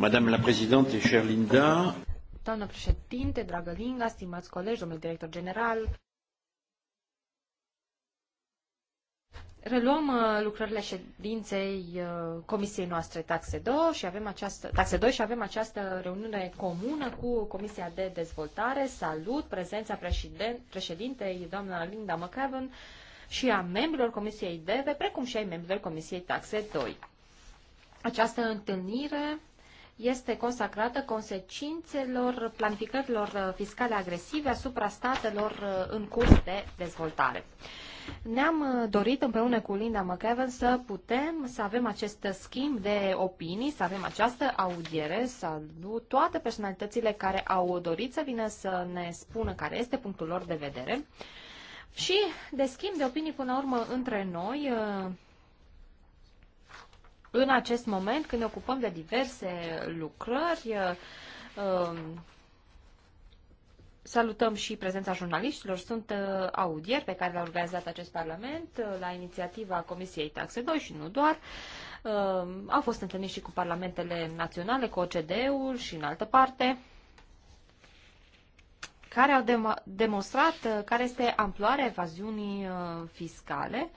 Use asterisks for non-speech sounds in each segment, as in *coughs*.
Madame la Présidente Linda. Doamnă președinte, dragă Linda, stimați colegi, domnul director general, Reluăm uh, lucrările ședinței uh, comisiei noastre taxe 2 și avem această taxe 2 și avem această reuniune comună cu Comisia de Dezvoltare. Salut prezența președintei doamna Linda McAvan și a membrilor Comisiei DEVE, precum și ai membrilor Comisiei Taxe 2. Această întâlnire este consacrată consecințelor planificărilor fiscale agresive asupra statelor uh, în curs de dezvoltare. Ne-am uh, dorit împreună cu Linda McEwan să putem să avem acest schimb de opinii, să avem această audiere, să toate personalitățile care au dorit să vină să ne spună care este punctul lor de vedere. Și de schimb de opinii până la urmă între noi, uh, în acest moment, când ne ocupăm de diverse lucrări, um, Salutăm și prezența jurnaliștilor. Sunt uh, audieri pe care le-a organizat acest Parlament uh, la inițiativa Comisiei Taxe 2 și nu doar. Um, au fost întâlniți și cu parlamentele naționale, cu OCD-ul și în altă parte care au dem demonstrat uh, care este amploarea evaziunii fiscale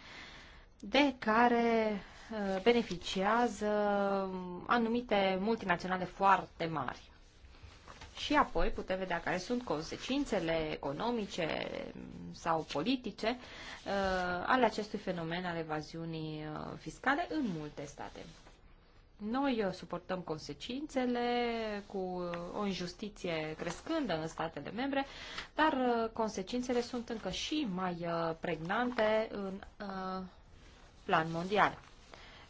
de care Eh, beneficiază anumite multinaționale foarte mari. Și apoi putem vedea care sunt consecințele economice sau politice uh, ale acestui fenomen al evaziunii eh, fiscale în multe state. Noi suportăm consecințele cu o injustiție crescândă în statele membre, dar consecințele sunt încă și mai pregnante în uh, plan mondial.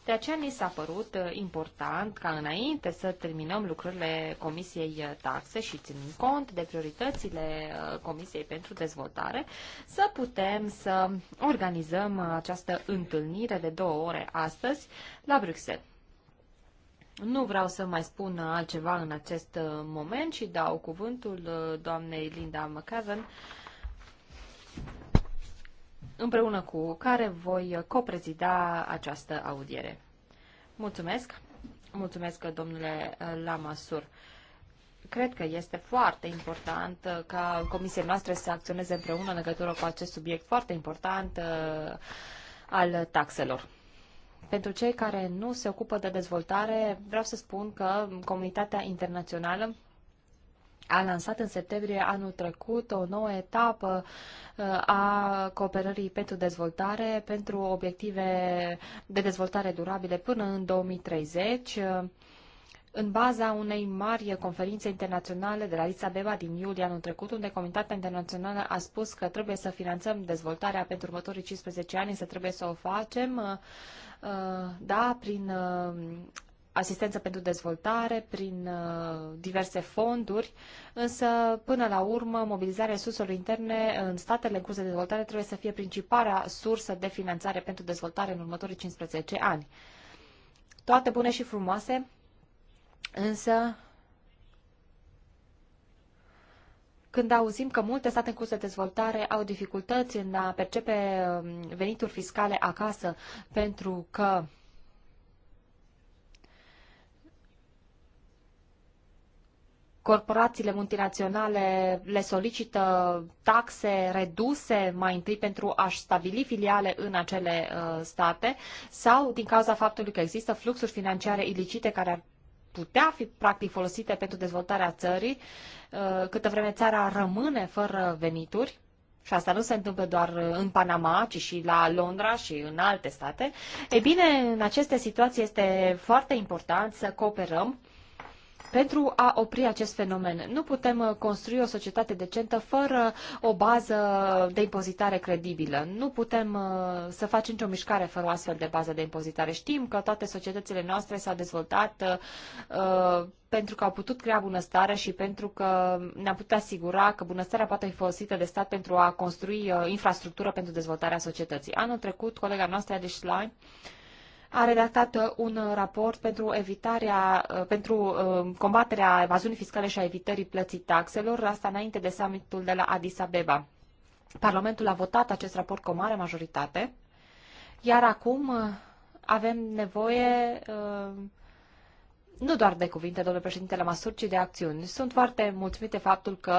De aceea ni s-a părut uh, important ca înainte să terminăm lucrurile Comisiei uh, Taxe și ținând cont de prioritățile uh, Comisiei pentru Dezvoltare, să putem să organizăm această întâlnire de două ore astăzi la Bruxelles. Nu vreau să mai spun altceva în acest moment și dau cuvântul doamnei Linda McAvan, împreună cu care voi coprezida această audiere. Mulțumesc! Mulțumesc, domnule uh, Lamasur. Cred că este foarte important uh, ca comisia noastră să acționeze împreună în legătură cu acest subiect foarte important uh, al taxelor. Pentru cei care nu se ocupă de dezvoltare, vreau să spun că comunitatea internațională a lansat în septembrie anul trecut o nouă etapă uh, a cooperării pentru dezvoltare, pentru obiective de dezvoltare durabile până în 2030 uh, în baza unei mari conferințe internaționale de la Lisabeba din iulie anul trecut, unde Comitatea Internațională a spus că trebuie să finanțăm dezvoltarea pentru următorii 15 ani, să trebuie să o facem, uh, da, prin asistență pentru dezvoltare, prin uh, diverse fonduri, însă până la urmă mobilizarea resurselor interne în statele în curs de dezvoltare trebuie să fie principala sursă de finanțare pentru dezvoltare în următorii 15 ani. Toate bune și frumoase, însă când auzim că multe state în curs de dezvoltare au dificultăți în a percepe um, venituri fiscale acasă pentru că corporațiile multinaționale le solicită taxe reduse mai întâi pentru a-și stabili filiale în acele uh, state sau din cauza faptului că există fluxuri financiare ilicite care ar putea fi practic folosite pentru dezvoltarea țării, uh, câtă vreme țara rămâne fără venituri, și asta nu se întâmplă doar uh, în Panama, ci și la Londra și în alte state, e bine, în aceste situații este foarte important să cooperăm pentru a opri acest fenomen. Nu putem uh, construi o societate decentă fără o bază de impozitare credibilă. Nu putem uh, să facem nicio mișcare fără o astfel de bază de impozitare. Știm că toate societățile noastre s-au dezvoltat uh, pentru că au putut crea bunăstare și pentru că ne-am putut asigura că bunăstarea poate fi folosită de stat pentru a construi infrastructură pentru dezvoltarea societății. Anul trecut, colega noastră, Adish Slime, a redactat uh, un uh, raport pentru evitarea, uh, pentru um, combaterea evaziunii fiscale și a evitării plății taxelor, asta înainte de summitul de la Addis Abeba. Parlamentul a votat acest raport cu o mare majoritate, iar acum avem nevoie nu doar de cuvinte, domnule președinte, la măsuri, ci de acțiuni. Sunt foarte mulțumit de faptul că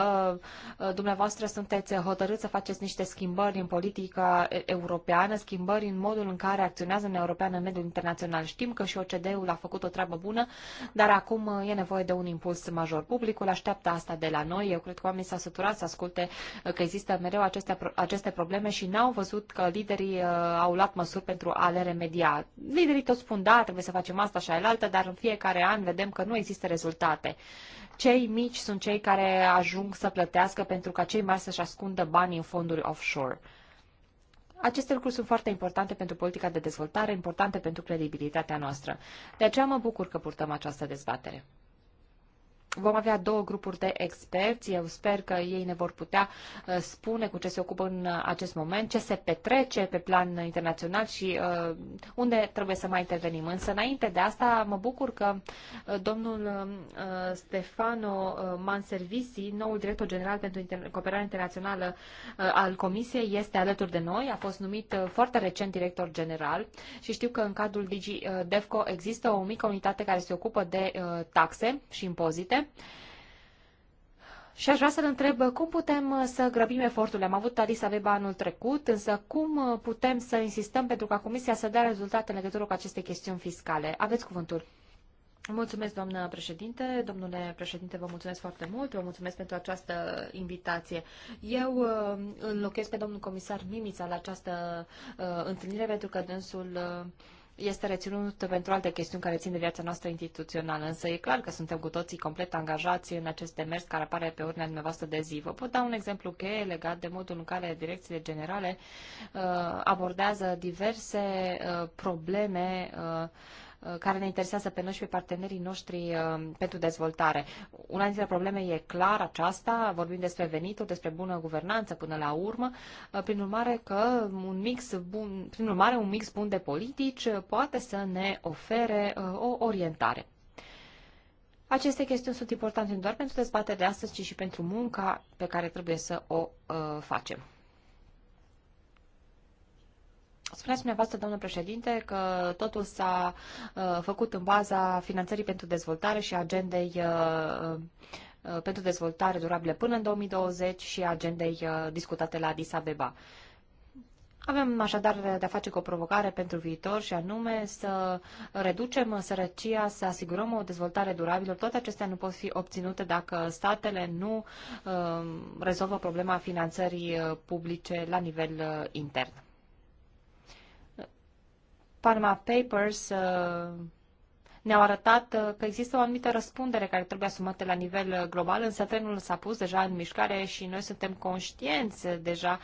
uh, dumneavoastră sunteți hotărâți să faceți niște schimbări în politica europeană, schimbări în modul în care acționează în Europeană în mediul internațional. Știm că și OCDE-ul a făcut o treabă bună, dar acum uh, e nevoie de un impuls major. Publicul așteaptă asta de la noi. Eu cred că oamenii s-au săturat să asculte uh, că există mereu aceste, aceste probleme și n-au văzut că liderii au luat măsuri pentru a le remedia. Liderii tot spun, da, trebuie să facem asta și aia altă, dar în fiecare ani vedem că nu există rezultate. Cei mici sunt cei care ajung să plătească pentru ca cei mari să-și ascundă banii în fonduri offshore. Aceste lucruri sunt foarte importante pentru politica de dezvoltare, importante pentru credibilitatea noastră. De aceea mă bucur că purtăm această dezbatere. Vom avea două grupuri de experți. Eu sper că ei ne vor putea uh, spune cu ce se ocupă în acest moment, ce se petrece pe plan internațional și uh, unde trebuie să mai intervenim. Însă, înainte de asta, mă bucur că uh, domnul Stefano Manservisi, noul director general pentru cooperare internațională al Comisiei, este alături de noi. A fost numit foarte recent director general și știu că în cadrul DigiDevco DEFCO există o mică unitate care se ocupă de taxe și impozite și aș vrea să-l întreb cum putem uh, să grăbim eforturile. Am avut Adis Abeba anul trecut, însă cum uh, putem să insistăm pentru ca Comisia să dea rezultate în legătură cu aceste chestiuni fiscale? Aveți cuvântul. Mulțumesc, doamnă președinte. Domnule președinte, vă mulțumesc foarte mult. Vă mulțumesc pentru această invitație. Eu uh, înlocuiesc pe domnul comisar Mimița la această uh, întâlnire pentru că dânsul uh, este reținut pentru alte chestiuni care țin de viața noastră instituțională, însă e clar că suntem cu toții complet angajați în acest demers care apare pe ordinea dumneavoastră de zi. Vă pot da un exemplu cheie legat de modul în care direcțiile generale uh, abordează diverse uh, probleme uh, Uh, care ne interesează pe noi și pe partenerii noștri uh, pentru dezvoltare. Una dintre probleme e clar aceasta, vorbim despre venituri, despre bună guvernanță până la urmă, uh, prin urmare că un mix bun, prin urmare un mix bun de politici poate să ne ofere o orientare. Aceste chestiuni sunt importante nu doar pentru dezbaterea de astăzi, ci și pentru munca pe care trebuie să o uh, facem. Spuneați dumneavoastră, domnul președinte, că totul s-a uh, făcut în baza finanțării pentru dezvoltare și agendei uh, uh, pentru dezvoltare durabilă până în 2020 și agendei uh, discutate la Addis Abeba. Avem așadar de-a face cu o provocare pentru viitor și anume să reducem sărăcia, să asigurăm o dezvoltare durabilă. Toate acestea nu pot fi obținute dacă statele nu uh, rezolvă problema finanțării uh, publice la nivel uh, intern. Panama Papers uh, ne-au arătat uh, că există o anumită răspundere care trebuie asumată la nivel uh, global, însă trenul s-a pus deja în mișcare și noi suntem conștienți deja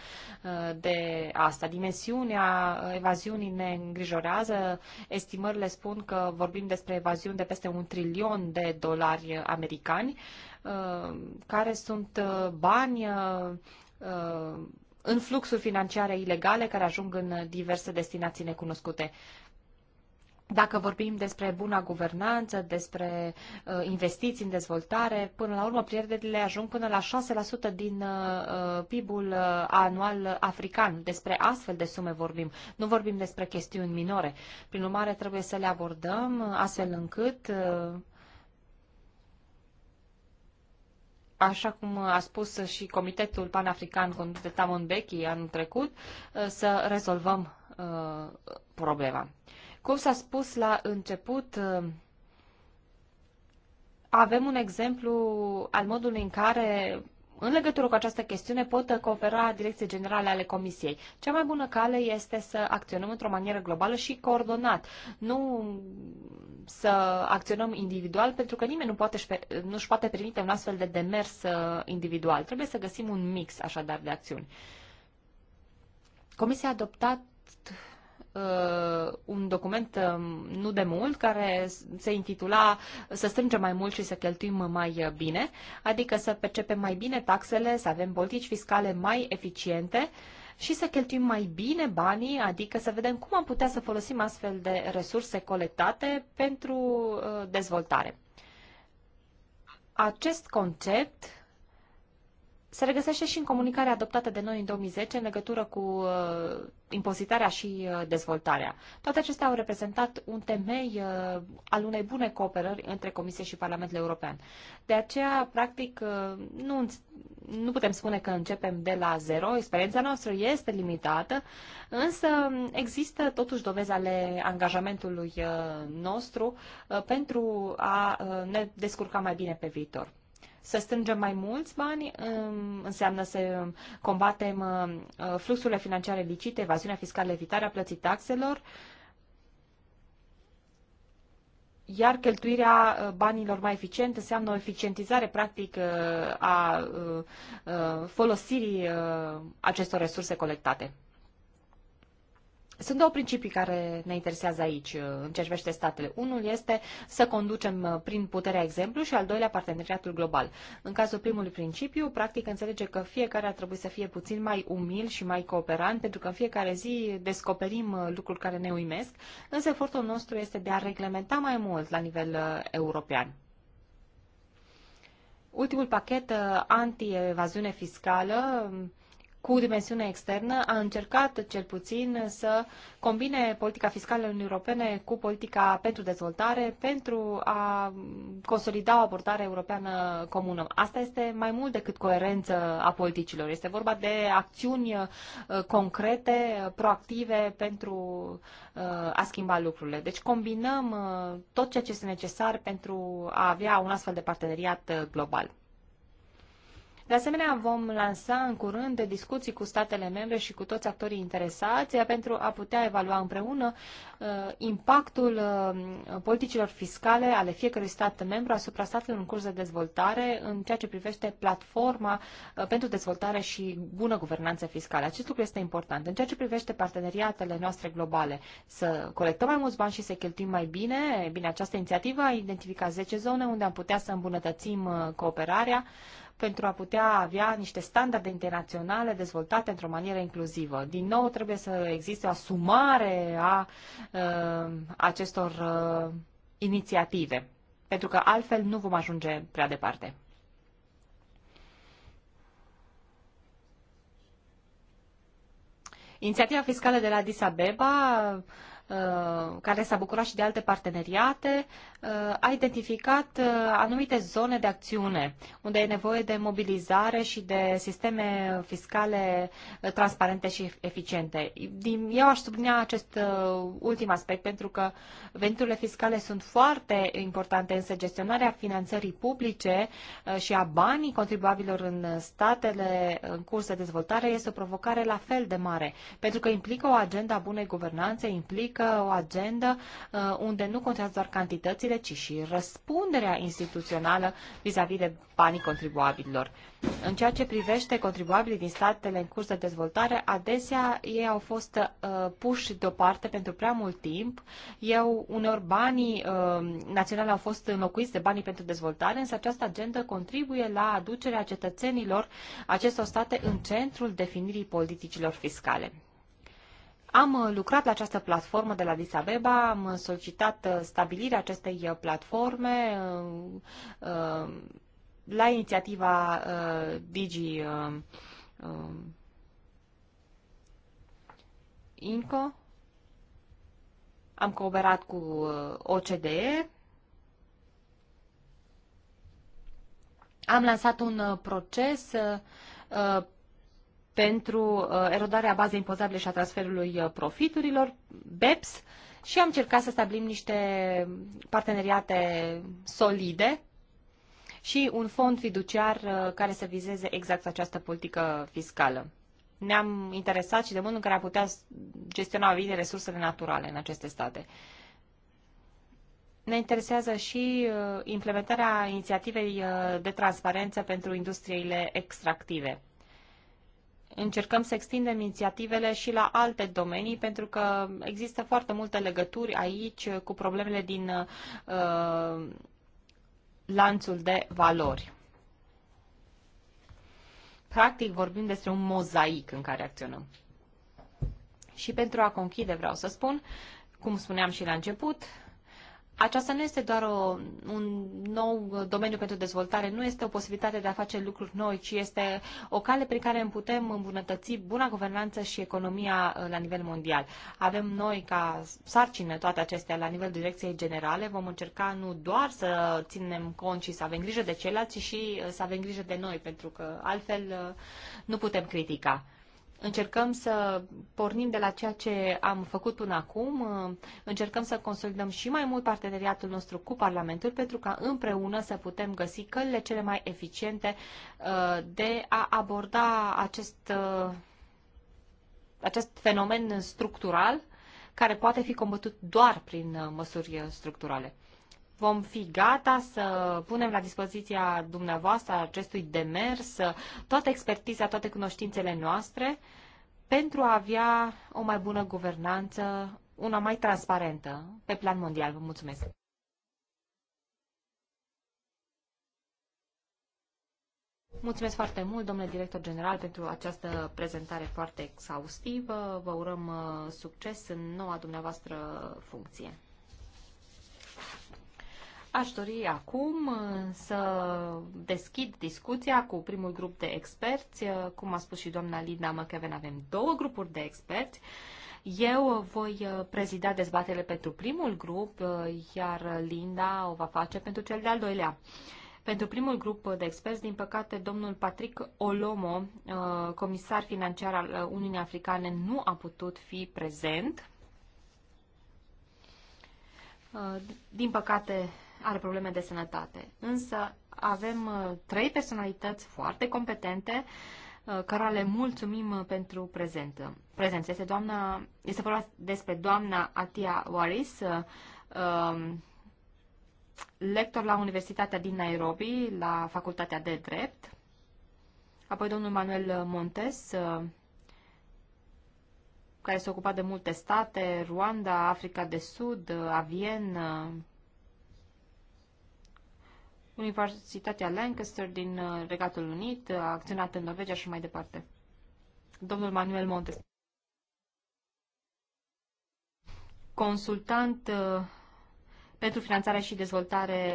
de asta. Dimensiunea evaziunii ne îngrijorează. Estimările spun că vorbim despre evaziuni de peste un trilion de dolari americani, care sunt bani în fluxuri financiare ilegale care ajung în diverse destinații necunoscute. Dacă vorbim despre buna guvernanță, despre uh, investiții în dezvoltare, până la urmă pierderile ajung până la 6% din uh, uh PIB-ul uh, anual african. Despre astfel de sume vorbim. Nu vorbim despre chestiuni minore. Prin urmare, trebuie să le abordăm uh, astfel încât. Uh, așa cum a spus și Comitetul Panafrican condus de Tamon Becky anul trecut, uh, să rezolvăm uh, problema. Cum s-a spus la început, uh, avem un exemplu al modului în care în legătură cu această chestiune pot coopera direcții generale ale Comisiei. Cea mai bună cale este să acționăm într-o manieră globală și coordonat, nu să acționăm individual, pentru că nimeni nu poate, nu își poate permite un astfel de demers uh, individual. Trebuie să găsim un mix, așadar, de acțiuni. Comisia a adoptat Uh, un document um, nu de mult care se intitula Să strângem mai mult și să cheltuim mai bine, adică să percepem mai bine taxele, să avem politici fiscale mai eficiente și să cheltuim mai bine banii, adică să vedem cum am putea să folosim astfel de resurse colectate pentru uh, dezvoltare. Acest concept se regăsește și în comunicarea adoptată de noi în 2010 în legătură cu uh, impozitarea și uh, dezvoltarea. Toate acestea au reprezentat un temei uh, al unei bune cooperări între Comisie și Parlamentul European. De aceea, practic, uh, nu, nu putem spune că începem de la zero. Experiența noastră este limitată, însă există totuși dovezi ale angajamentului uh, nostru uh, pentru a uh, ne descurca mai bine pe viitor. Să strângem mai mulți bani um, înseamnă să combatem uh, uh, fluxurile financiare licite, evaziunea fiscală, evitarea plății taxelor, iar cheltuirea uh, banilor mai eficient înseamnă o eficientizare practic a folosirii acestor resurse colectate. Sunt două principii care ne interesează aici uh, în ceea ce privește statele. Unul este să conducem uh, prin puterea exemplu și al doilea parteneriatul global. În cazul primului principiu, practic înțelege că fiecare ar trebui să fie puțin mai umil și mai cooperant, pentru că în fiecare zi descoperim uh, lucruri care ne uimesc, însă efortul nostru este de a reglementa mai mult la nivel european. Ultimul pachet anti-evaziune fiscală um, cu dimensiune externă a încercat cel puțin să combine politica fiscală în Europene cu politica pentru dezvoltare pentru a consolida o abordare europeană comună. Asta este mai mult decât coerență a politicilor. Este vorba de acțiuni uh, concrete, proactive pentru uh, a schimba lucrurile. Deci combinăm uh, tot ceea ce este necesar pentru a avea un astfel de parteneriat global. De asemenea, vom lansa în curând discuții cu statele membre și cu toți actorii interesați pentru a putea evalua împreună uh, impactul uh, politicilor fiscale ale fiecărui stat membru asupra statelor în curs de dezvoltare în ceea ce privește platforma uh, pentru dezvoltare și bună guvernanță fiscală. Acest lucru este important. În ceea ce privește parteneriatele noastre globale, să colectăm mai mulți bani și să cheltuim mai bine, bine, această inițiativă a identificat 10 zone unde am putea să îmbunătățim uh, cooperarea pentru a putea avea niște standarde internaționale dezvoltate într-o manieră inclusivă. Din nou, trebuie să existe o asumare a uh, acestor uh, inițiative, pentru că altfel nu vom ajunge prea departe. Inițiativa fiscală de la Addis Abeba Uh, care s-a bucurat și de alte parteneriate, uh, a identificat uh, anumite zone de acțiune unde e nevoie de mobilizare și de sisteme fiscale transparente și eficiente. Eu aș sublinia acest ultim aspect pentru că veniturile fiscale sunt foarte importante, însă gestionarea finanțării publice și a banii contribuabilor în statele în curs de dezvoltare este o provocare la fel de mare, pentru că implică o agenda bunei guvernanțe, implică politică, o agendă uh, unde nu contează doar cantitățile, ci și răspunderea instituțională vis-a-vis -vis de banii contribuabililor. În ceea ce privește contribuabilii din statele în curs de dezvoltare, adesea ei au fost uh, puși deoparte pentru prea mult timp. Eu, unor banii uh, naționale au fost înlocuiți de banii pentru dezvoltare, însă această agendă contribuie la aducerea cetățenilor acestor state în centrul definirii politicilor fiscale. Am uh, lucrat la această platformă de la Disabeba, am uh, solicitat uh, stabilirea acestei platforme la inițiativa Digi INCO. Am cooperat cu OCDE. Am lansat un proces pentru uh, erodarea bazei impozabile și a transferului uh, profiturilor, BEPS, și am încercat să stabilim niște parteneriate solide și un fond fiduciar uh, care să vizeze exact această politică fiscală. Ne-am interesat și de modul în care a putea gestiona bine resursele naturale în aceste state. Ne interesează și implementarea inițiativei de transparență pentru industriile extractive încercăm să extindem inițiativele și la alte domenii, pentru că există foarte multe legături aici cu problemele din uh, lanțul de valori. Practic vorbim despre un mozaic în care acționăm. Și pentru a conchide vreau să spun, cum spuneam și la început, aceasta nu este doar o, un nou domeniu pentru dezvoltare, nu este o posibilitate de a face lucruri noi, ci este o cale prin care putem îmbunătăți buna guvernanță și economia uh, la nivel mondial. Avem noi ca sarcină toate acestea la nivel direcției generale, vom încerca nu doar să ținem cont și să avem grijă de ceilalți, ci și uh, să avem grijă de noi, pentru că altfel uh, nu putem critica. Încercăm să pornim de la ceea ce am făcut până acum, încercăm să consolidăm și mai mult parteneriatul nostru cu Parlamentul pentru ca împreună să putem găsi căile cele mai eficiente uh, de a aborda acest, uh, acest fenomen structural care poate fi combătut doar prin uh, măsuri structurale vom fi gata să punem la dispoziția dumneavoastră acestui demers toată expertiza, toate cunoștințele noastre pentru a avea o mai bună guvernanță, una mai transparentă pe plan mondial. Vă mulțumesc! Mulțumesc foarte mult, domnule director general, pentru această prezentare foarte exhaustivă. Vă urăm uh, succes în noua dumneavoastră funcție. Aș dori acum uh, să deschid discuția cu primul grup de experți. Uh, cum a spus și doamna Linda Măcheven, avem două grupuri de experți. Eu voi uh, prezida dezbatele pentru primul grup, iar Linda o va face pentru cel de-al doilea. Pentru primul grup de experți, din păcate, domnul Patrick Olomo, comisar financiar al Uniunii Africane, nu a putut fi prezent. Din păcate, are probleme de sănătate. Însă avem uh, trei personalități foarte competente uh, cărora le mulțumim uh, pentru prezentă. prezență. Este, doamna, este vorba despre doamna Atia Waris, um, lector la Universitatea din Nairobi, la Facultatea de Drept, apoi domnul Manuel Montes, care se ocupat de multe state, Ruanda, Africa de Sud, Avien, Universitatea Lancaster din uh, Regatul Unit a acționat în Norvegia și mai departe. Domnul Manuel Montes. Consultant uh, pentru finanțare și dezvoltare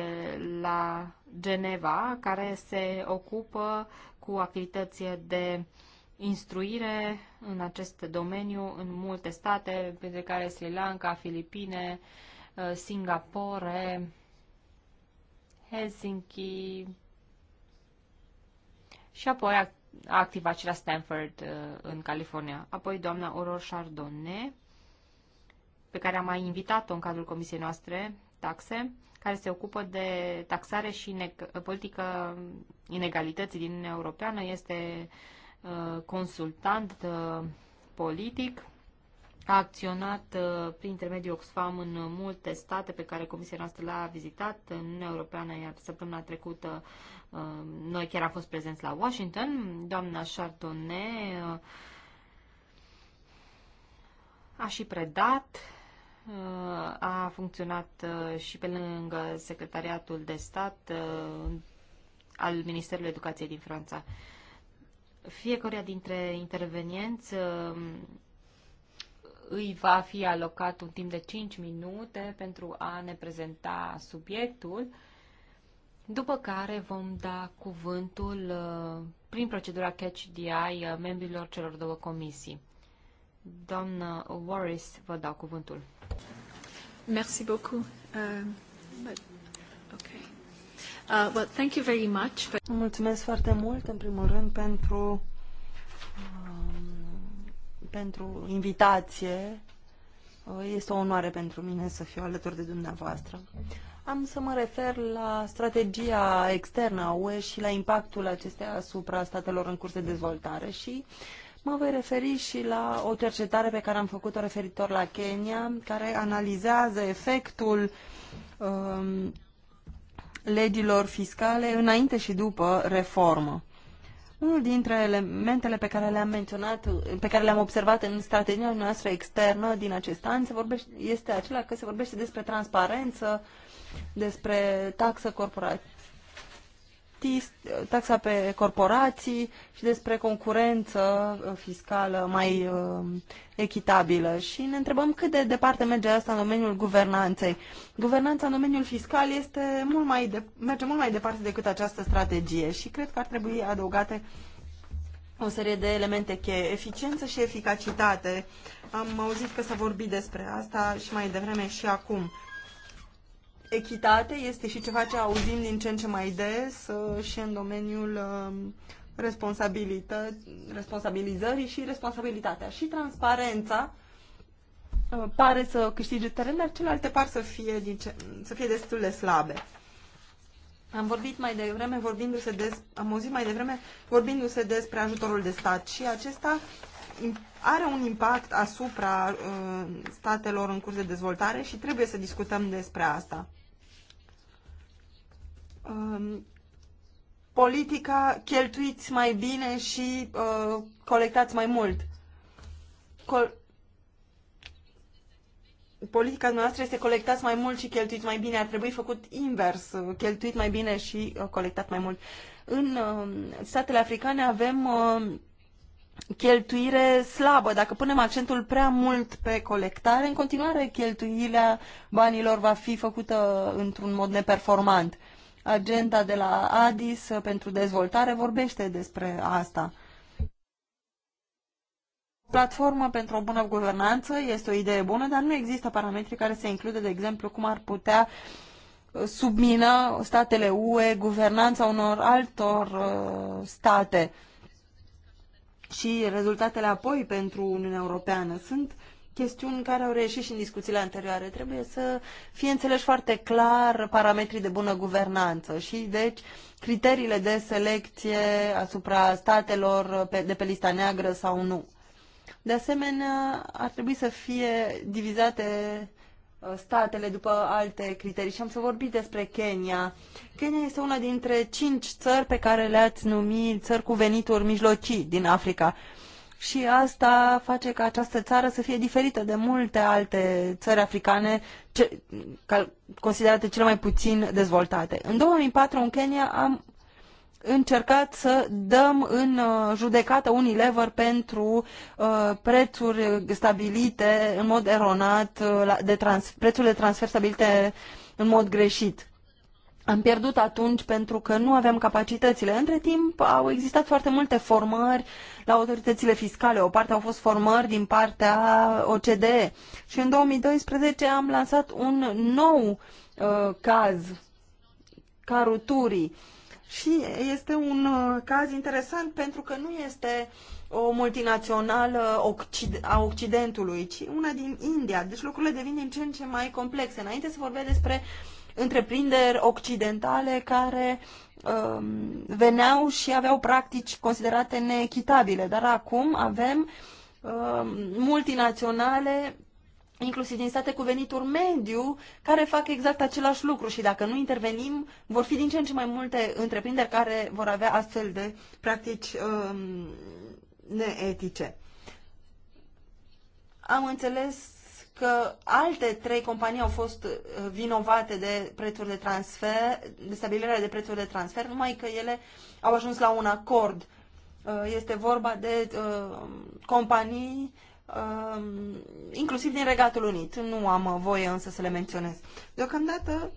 la Geneva, care se ocupă cu activități de instruire în acest domeniu în multe state, printre care Sri Lanka, Filipine, uh, Singapore, Helsinki și apoi a, a activat și la Stanford uh, în California. Apoi doamna Oror Chardonne, pe care am mai invitat-o în cadrul comisiei noastre, taxe, care se ocupă de taxare și politică inegalității din Uniunea Europeană, este uh, consultant uh, politic a acționat uh, prin intermediul Oxfam în multe state pe care Comisia noastră le-a vizitat. În Uniunea Europeană, iar săptămâna trecută, uh, noi chiar am fost prezenți la Washington. Doamna Chardonnay uh, a și predat, a funcționat și pe lângă Secretariatul de Stat al Ministerului Educației din Franța. Fiecare dintre intervenienți îi va fi alocat un timp de 5 minute pentru a ne prezenta subiectul, după care vom da cuvântul uh, prin procedura Catch eye uh, membrilor celor două comisii. Doamna Warris, vă dau cuvântul. Merci beaucoup. Uh, um, but, okay. uh, well, thank you very much. Mulțumesc foarte mult, în primul rând, pentru pentru invitație. Este o onoare pentru mine să fiu alături de dumneavoastră. Am să mă refer la strategia externă a UE și la impactul acesteia asupra statelor în curs de dezvoltare și mă voi referi și la o cercetare pe care am făcut-o referitor la Kenya, care analizează efectul um, legilor fiscale înainte și după reformă. Unul dintre elementele pe care le-am menționat, pe care le-am observat în strategia noastră externă din acest an, se vorbește, este acela că se vorbește despre transparență, despre taxă corporat, statist, taxa pe corporații și despre concurență uh, fiscală mai uh, echitabilă. Și ne întrebăm cât de departe merge asta în domeniul guvernanței. Guvernanța în domeniul fiscal este mult mai de, merge mult mai departe decât această strategie și cred că ar trebui adăugate o serie de elemente cheie, eficiență și eficacitate. Am auzit că s-a vorbit despre asta și mai devreme și acum echitate este și ceva ce auzim din ce în ce mai des uh, și în domeniul um, responsabilită, responsabilizării și responsabilitatea. Și transparența uh, pare să câștige teren, dar celelalte par să fie, din ce, să fie destul de slabe. Am vorbit mai devreme, vorbindu-se des, am auzit mai devreme vorbindu-se despre ajutorul de stat și acesta are un impact asupra uh, statelor în curs de dezvoltare și trebuie să discutăm despre asta um, politica cheltuiți mai bine și uh, colectați mai mult. Col- politica noastră este colectați mai mult și cheltuiți mai bine. Ar trebui făcut invers, uh, cheltuit mai bine și uh, colectat mai mult. În uh, statele africane avem uh, cheltuire slabă. Dacă punem accentul prea mult pe colectare, în continuare cheltuirea banilor va fi făcută într-un mod neperformant. Uh, Agenda de la Addis pentru dezvoltare vorbește despre asta. Platforma pentru o bună guvernanță este o idee bună, dar nu există parametri care să include, de exemplu, cum ar putea submina statele UE guvernanța unor altor uh, state și rezultatele apoi pentru Uniunea Europeană. Sunt chestiuni care au reieșit și în discuțiile anterioare. Trebuie să fie înțeles foarte clar parametrii de bună guvernanță și, deci, criteriile de selecție asupra statelor de pe lista neagră sau nu. De asemenea, ar trebui să fie divizate uh, statele după alte criterii și am să vorbim despre Kenya. Kenya este una dintre cinci țări pe care le-ați numit țări cu venituri mijlocii din Africa. Uh, și asta face ca această țară să fie diferită de multe alte țări africane ce, considerate cele mai puțin dezvoltate. În 2004 în Kenya am încercat să dăm în uh, judecată Unilever pentru uh, prețuri stabilite în mod eronat, uh, de trans, prețurile transfer stabilite în mod greșit. Am pierdut atunci pentru că nu aveam capacitățile. Între timp au existat foarte multe formări la autoritățile fiscale. O parte au fost formări din partea OCDE. Și în 2012 am lansat un nou uh, caz, caruturii. Și este un uh, caz interesant pentru că nu este o multinațională occid a Occidentului, ci una din India. Deci lucrurile devin din ce în ce mai complexe. Înainte se vorbea despre uh, întreprinderi occidentale care um, veneau și aveau practici considerate neechitabile, dar acum avem um, multinaționale inclusiv din state cu venituri mediu, care fac exact același lucru și dacă nu intervenim, vor fi din ce în ce mai multe întreprinderi care vor avea astfel de practici um, neetice. Am înțeles că alte trei companii au fost uh, vinovate de prețuri de transfer, de stabilirea de prețuri de transfer, numai că ele au ajuns la un acord. Uh, este vorba de uh, companii inclusiv din Regatul Unit. Nu am voie însă să le menționez. Deocamdată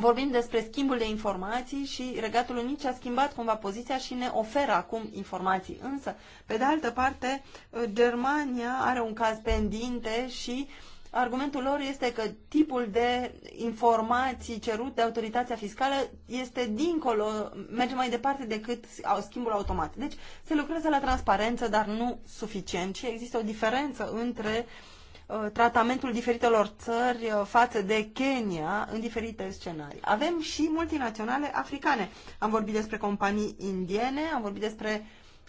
vorbim despre schimbul de informații și Regatul Unit a schimbat cumva poziția și ne oferă acum informații. Însă, pe de altă parte, uh, Germania are un caz pendinte și argumentul lor este că tipul de informații cerut de autoritatea fiscală este dincolo, merge mai departe decât schimbul automat. Deci se lucrează la transparență, dar nu suficient și există o diferență între uh, Uh, tratamentul diferitelor țări uh, față de Kenya în diferite scenarii. Avem și multinaționale africane. Am vorbit despre companii indiene, am vorbit despre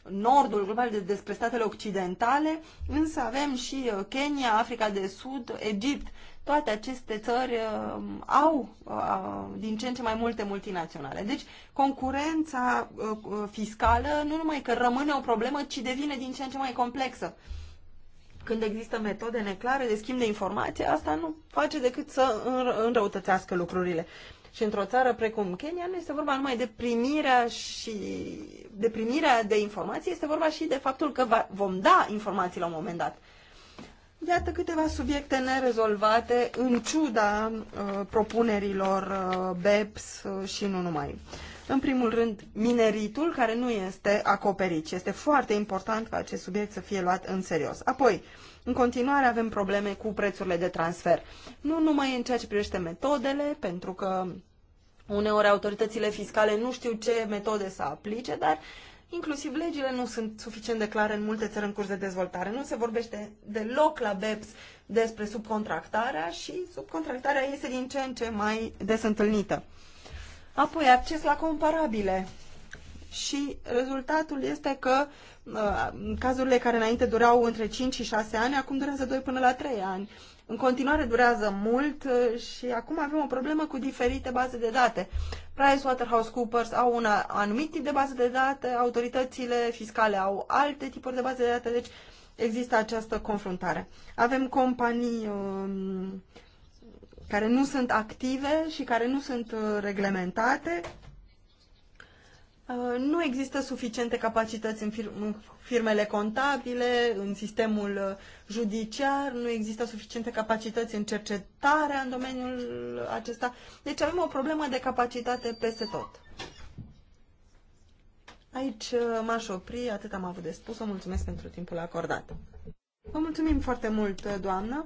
nordul global, despre statele occidentale, însă avem și uh, Kenya, Africa de Sud, Egipt. Toate aceste țări uh, au uh, din ce în ce mai multe multinaționale. Deci, concurența uh, fiscală nu numai că rămâne o problemă, ci devine din ce în ce mai complexă. Uh, când există metode neclare de schimb de informații, asta nu face decât să înrăutățească lucrurile. Și într-o țară precum Kenya nu este vorba numai de primirea și de primirea de informații, este vorba și de faptul că va, vom da informații la un moment dat. Iată câteva subiecte nerezolvate în ciuda uh, propunerilor uh, BEPS uh, și nu numai. În primul rând, mineritul, care nu este acoperit și este foarte important ca acest subiect să fie luat în serios. Apoi, în continuare avem probleme cu prețurile de transfer. Nu numai în ceea ce privește metodele, pentru că uneori autoritățile fiscale nu știu ce metode să aplice, dar uh, Inclusiv legile nu sunt suficient de clare în multe țări în curs de dezvoltare. Nu se vorbește deloc la BEPS despre subcontractarea și subcontractarea este din ce în ce mai des întâlnită. Apoi, acces la comparabile. Și rezultatul este că în uh, cazurile care înainte dureau între 5 și 6 ani, acum durează 2 până la 3 ani. În continuare durează mult uh, și acum avem o problemă cu diferite baze de date. PricewaterhouseCoopers au un anumit tip de bază de date, autoritățile fiscale au alte tipuri de baze de date, deci există această confruntare. Avem companii um, care nu sunt active și care nu sunt uh, reglementate Uh, nu există suficiente capacități în, fir- în firmele contabile, în sistemul uh, judiciar, nu există suficiente capacități în cercetarea în domeniul acesta. Deci avem o problemă de capacitate peste tot. Aici uh, m-aș opri, atât am avut de spus. O mulțumesc pentru timpul acordat. Vă mulțumim foarte mult, doamnă.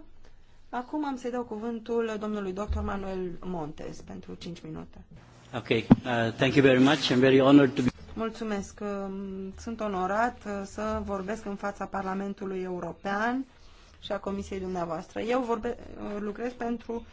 Acum am să-i dau cuvântul domnului dr. Manuel Montes pentru 5 minute. Okay. Uh, thank you very much. I'm very honored to be... Mulțumesc. Uh, sunt onorat uh, să vorbesc în fața Parlamentului European și a Comisiei dumneavoastră. Eu vorbe, uh, lucrez pentru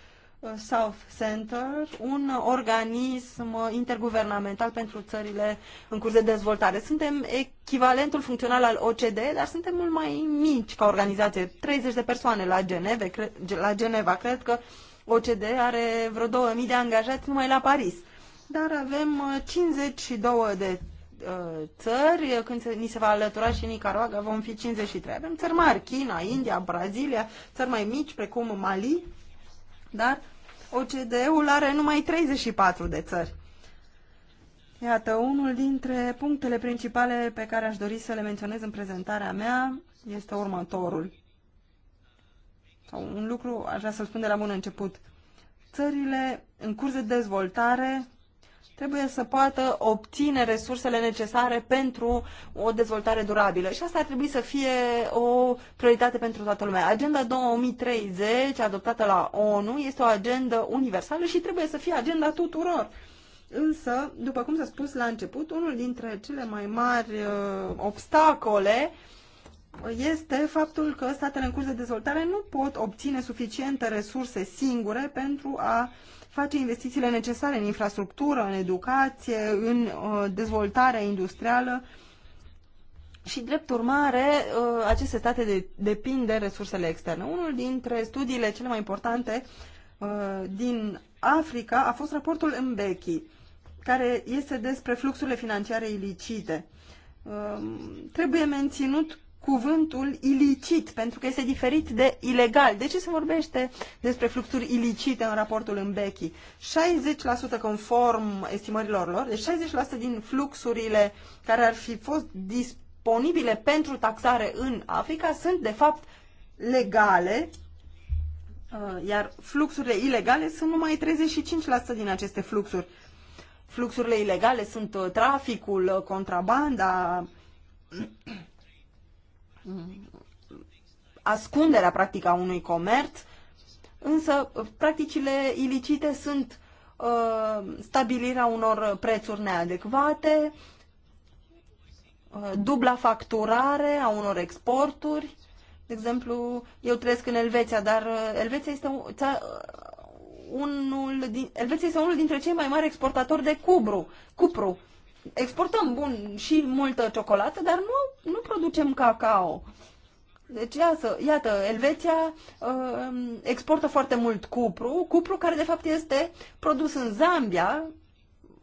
South Center, un organism interguvernamental pentru țările în curs de dezvoltare. Suntem echivalentul funcțional al OCDE, dar suntem mult mai mici ca organizație. 30 de persoane la, Geneve, cre, la Geneva. Cred că OCDE are vreo 2000 de angajați numai la Paris dar avem 52 uh, de uh, țări, uh, când se, ni se va alătura și Nicaragua, vom fi 53. Avem țări mari, China, India, Brazilia, țări mai mici, precum Mali, dar OCDE-ul are numai 34 de țări. Iată, unul dintre punctele principale pe care aș dori să le menționez în prezentarea mea este următorul. Sau un lucru aș vrea să-l spun de la bun început. Țările în curs de dezvoltare trebuie să poată obține resursele necesare pentru o dezvoltare durabilă. Și asta ar trebui să fie o prioritate pentru toată lumea. Agenda 2030, adoptată la ONU, este o agendă universală și trebuie să fie agenda tuturor. Însă, după cum s-a spus la început, unul dintre cele mai mari uh, obstacole este faptul că statele în curs de dezvoltare nu pot obține suficiente resurse singure pentru a uh, face investițiile necesare în infrastructură, în educație, în uh, dezvoltarea industrială și, drept urmare, uh, aceste state depind de resursele externe. Unul dintre studiile cele mai importante uh, din Africa a fost raportul Mbeki, care este despre fluxurile financiare ilicite. Um, trebuie menținut cuvântul ilicit, pentru că este diferit de ilegal. De ce se vorbește despre fluxuri ilicite în raportul în Bechi? 60% conform estimărilor lor, deci 60% din fluxurile care ar fi fost disponibile pentru taxare în Africa sunt de fapt legale, uh, iar fluxurile ilegale sunt numai 35% din aceste fluxuri. Fluxurile ilegale sunt uh, traficul, uh, contrabanda, ascunderea practică a unui comerț, însă practicile ilicite sunt uh, stabilirea unor prețuri neadecvate, uh, dubla facturare a unor exporturi. De exemplu, eu trăiesc în Elveția, dar uh, Elveția este uh, unul din, Elveția este unul dintre cei mai mari exportatori de cubru, cupru exportăm, bun, și multă ciocolată, dar nu, nu producem cacao. Deci, iasă, iată Elveția uh, exportă foarte mult cupru, cupru care de fapt este produs în Zambia,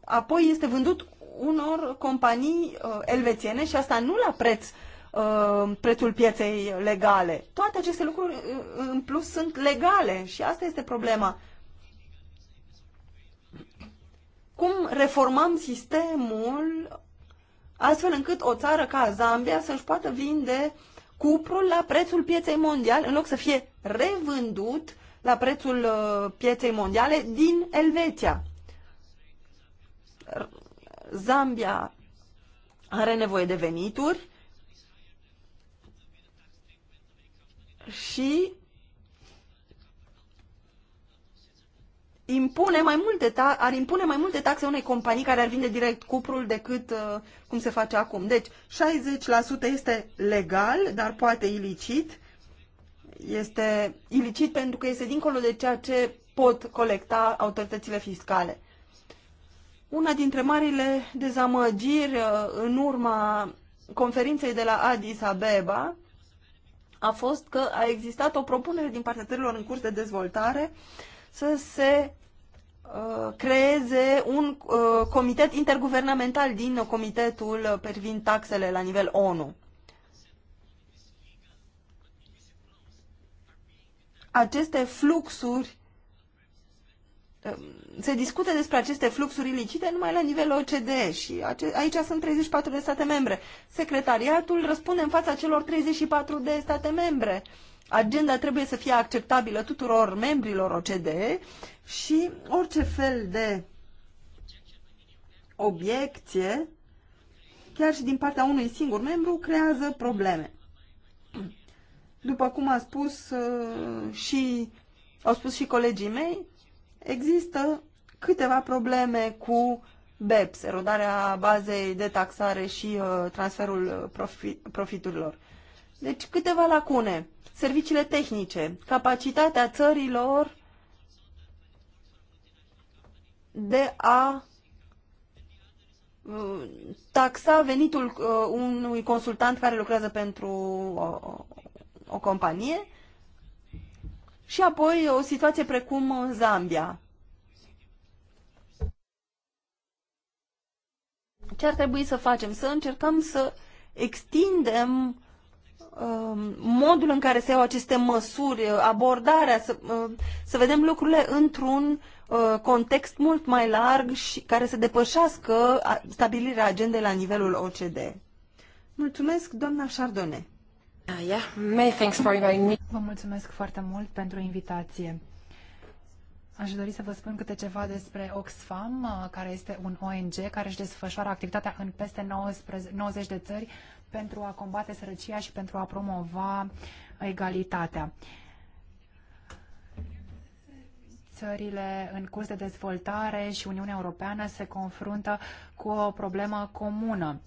apoi este vândut unor companii uh, elvețiene și asta nu la preț uh, prețul pieței legale. Toate aceste lucruri uh, în plus sunt legale și asta este problema cum reformăm sistemul astfel încât o țară ca Zambia să-și poată vinde cuprul la prețul pieței mondiale, în loc să fie revândut la prețul uh, pieței mondiale din Elveția. Zambia are nevoie de venituri și impune mai multe ta- ar impune mai multe taxe unei companii care ar vinde direct cuprul decât uh, cum se face acum. Deci 60% este legal, dar poate ilicit. Este ilicit pentru că este dincolo de ceea ce pot colecta autoritățile fiscale. Una dintre marile dezamăgiri uh, în urma conferinței de la Addis Abeba a fost că a existat o propunere din partea țărilor în curs de dezvoltare să se Uh, creeze un uh, comitet interguvernamental din comitetul uh, privind taxele la nivel ONU. Aceste fluxuri uh, se discută despre aceste fluxuri ilicite numai la nivel OCDE și ace, aici sunt 34 de state membre. Secretariatul răspunde în fața celor 34 de state membre. Agenda trebuie să fie acceptabilă tuturor membrilor OCDE și orice fel de obiecție, chiar și din partea unui singur membru, creează probleme. După cum a spus uh, și au spus și colegii mei, există câteva probleme cu BEPS, erodarea bazei de taxare și uh, transferul uh, profi profiturilor. Deci câteva lacune. Serviciile tehnice, capacitatea țărilor de a uh, taxa venitul uh, unui consultant care lucrează pentru o, uh, o companie și apoi o situație precum Zambia. Ce ar trebui să facem? Să încercăm să extindem Um, modul în care se iau aceste măsuri, uh, abordarea, să, uh, să vedem lucrurile într-un uh, context mult mai larg și care să depășească stabilirea agendei la nivelul OCDE. Mulțumesc, doamna Chardonnay. Ah, yeah, May, thanks for inviting Vă mulțumesc foarte mult pentru invitație. Aș dori să vă spun câte ceva despre Oxfam, care este un ONG care își desfășoară activitatea în peste 90 de țări pentru a combate sărăcia și pentru a promova egalitatea. Țările în curs de dezvoltare și Uniunea Europeană se confruntă cu o problemă comună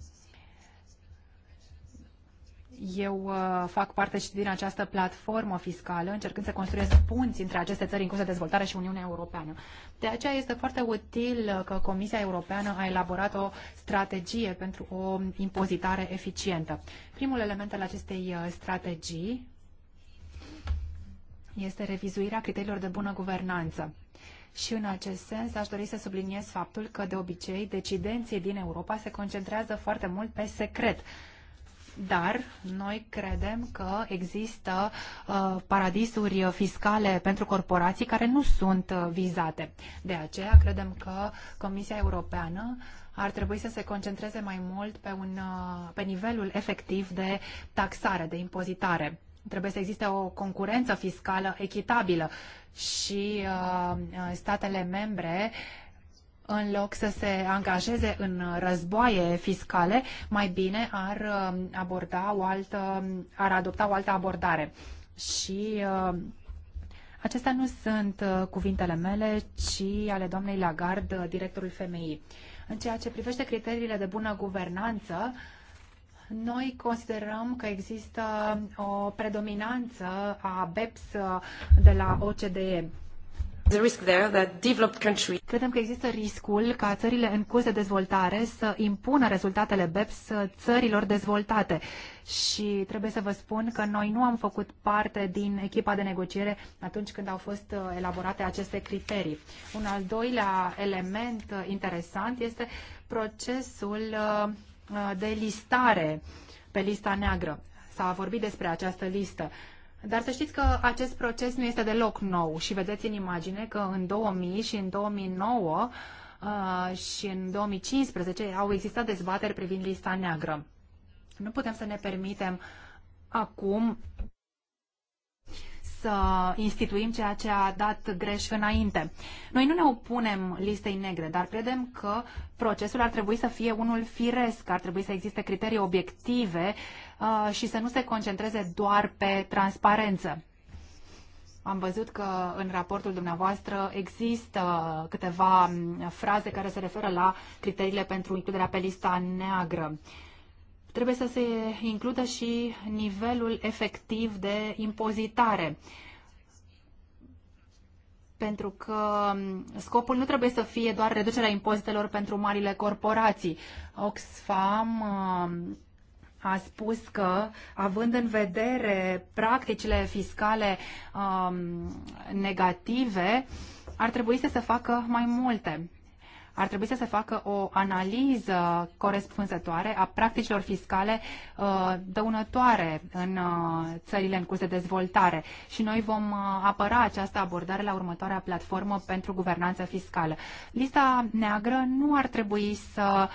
eu uh, fac parte și din această platformă fiscală, încercând să construiesc punți între aceste țări în curs de dezvoltare și Uniunea Europeană. De aceea este foarte util uh, că Comisia Europeană a elaborat o strategie pentru o impozitare eficientă. Primul element al acestei uh, strategii este revizuirea criteriilor de bună guvernanță. Și în acest sens aș dori să subliniez faptul că de obicei decidenții din Europa se concentrează foarte mult pe secret, dar noi credem că există uh, paradisuri fiscale pentru corporații care nu sunt uh, vizate. De aceea credem că Comisia Europeană ar trebui să se concentreze mai mult pe, un, uh, pe nivelul efectiv de taxare, de impozitare. Trebuie să existe o concurență fiscală echitabilă și uh, statele membre în loc să se angajeze în războaie fiscale, mai bine ar um, aborda o altă, ar adopta o altă abordare. Și um, acestea nu sunt uh, cuvintele mele, ci ale doamnei Lagarde, uh, directorul FMI. În ceea ce privește criteriile de bună guvernanță, noi considerăm că există um, o predominanță a BEPS uh, de la OCDE Credem că există riscul ca țările în curs de dezvoltare să impună rezultatele BEPS țărilor dezvoltate. Și trebuie să vă spun că noi nu am făcut parte din echipa de negociere atunci când au fost uh, elaborate aceste criterii. Un al doilea element uh, interesant este procesul uh, de listare pe lista neagră. S-a vorbit despre această listă. Dar să știți că acest proces nu este deloc nou și vedeți în imagine că în 2000 și în 2009 uh, și în 2015 au existat dezbateri privind lista neagră. Nu putem să ne permitem acum să instituim ceea ce a dat greș înainte. Noi nu ne opunem listei negre, dar credem că procesul ar trebui să fie unul firesc, ar trebui să existe criterii obiective uh, și să nu se concentreze doar pe transparență. Am văzut că în raportul dumneavoastră există câteva mm, fraze care se referă la criteriile pentru includerea pe lista neagră. Uh, trebuie să se includă și nivelul efectiv de impozitare. Pentru că scopul nu trebuie să fie doar reducerea impozitelor pentru marile corporații. Oxfam uh, a spus că, având în vedere practicile fiscale um, negative, ar trebui să se facă mai multe ar trebui să se facă o analiză corespunzătoare a practicilor fiscale uh, dăunătoare în uh, țările în curs de dezvoltare și noi vom uh, apăra această abordare la următoarea platformă pentru guvernanță fiscală. Lista neagră nu ar trebui să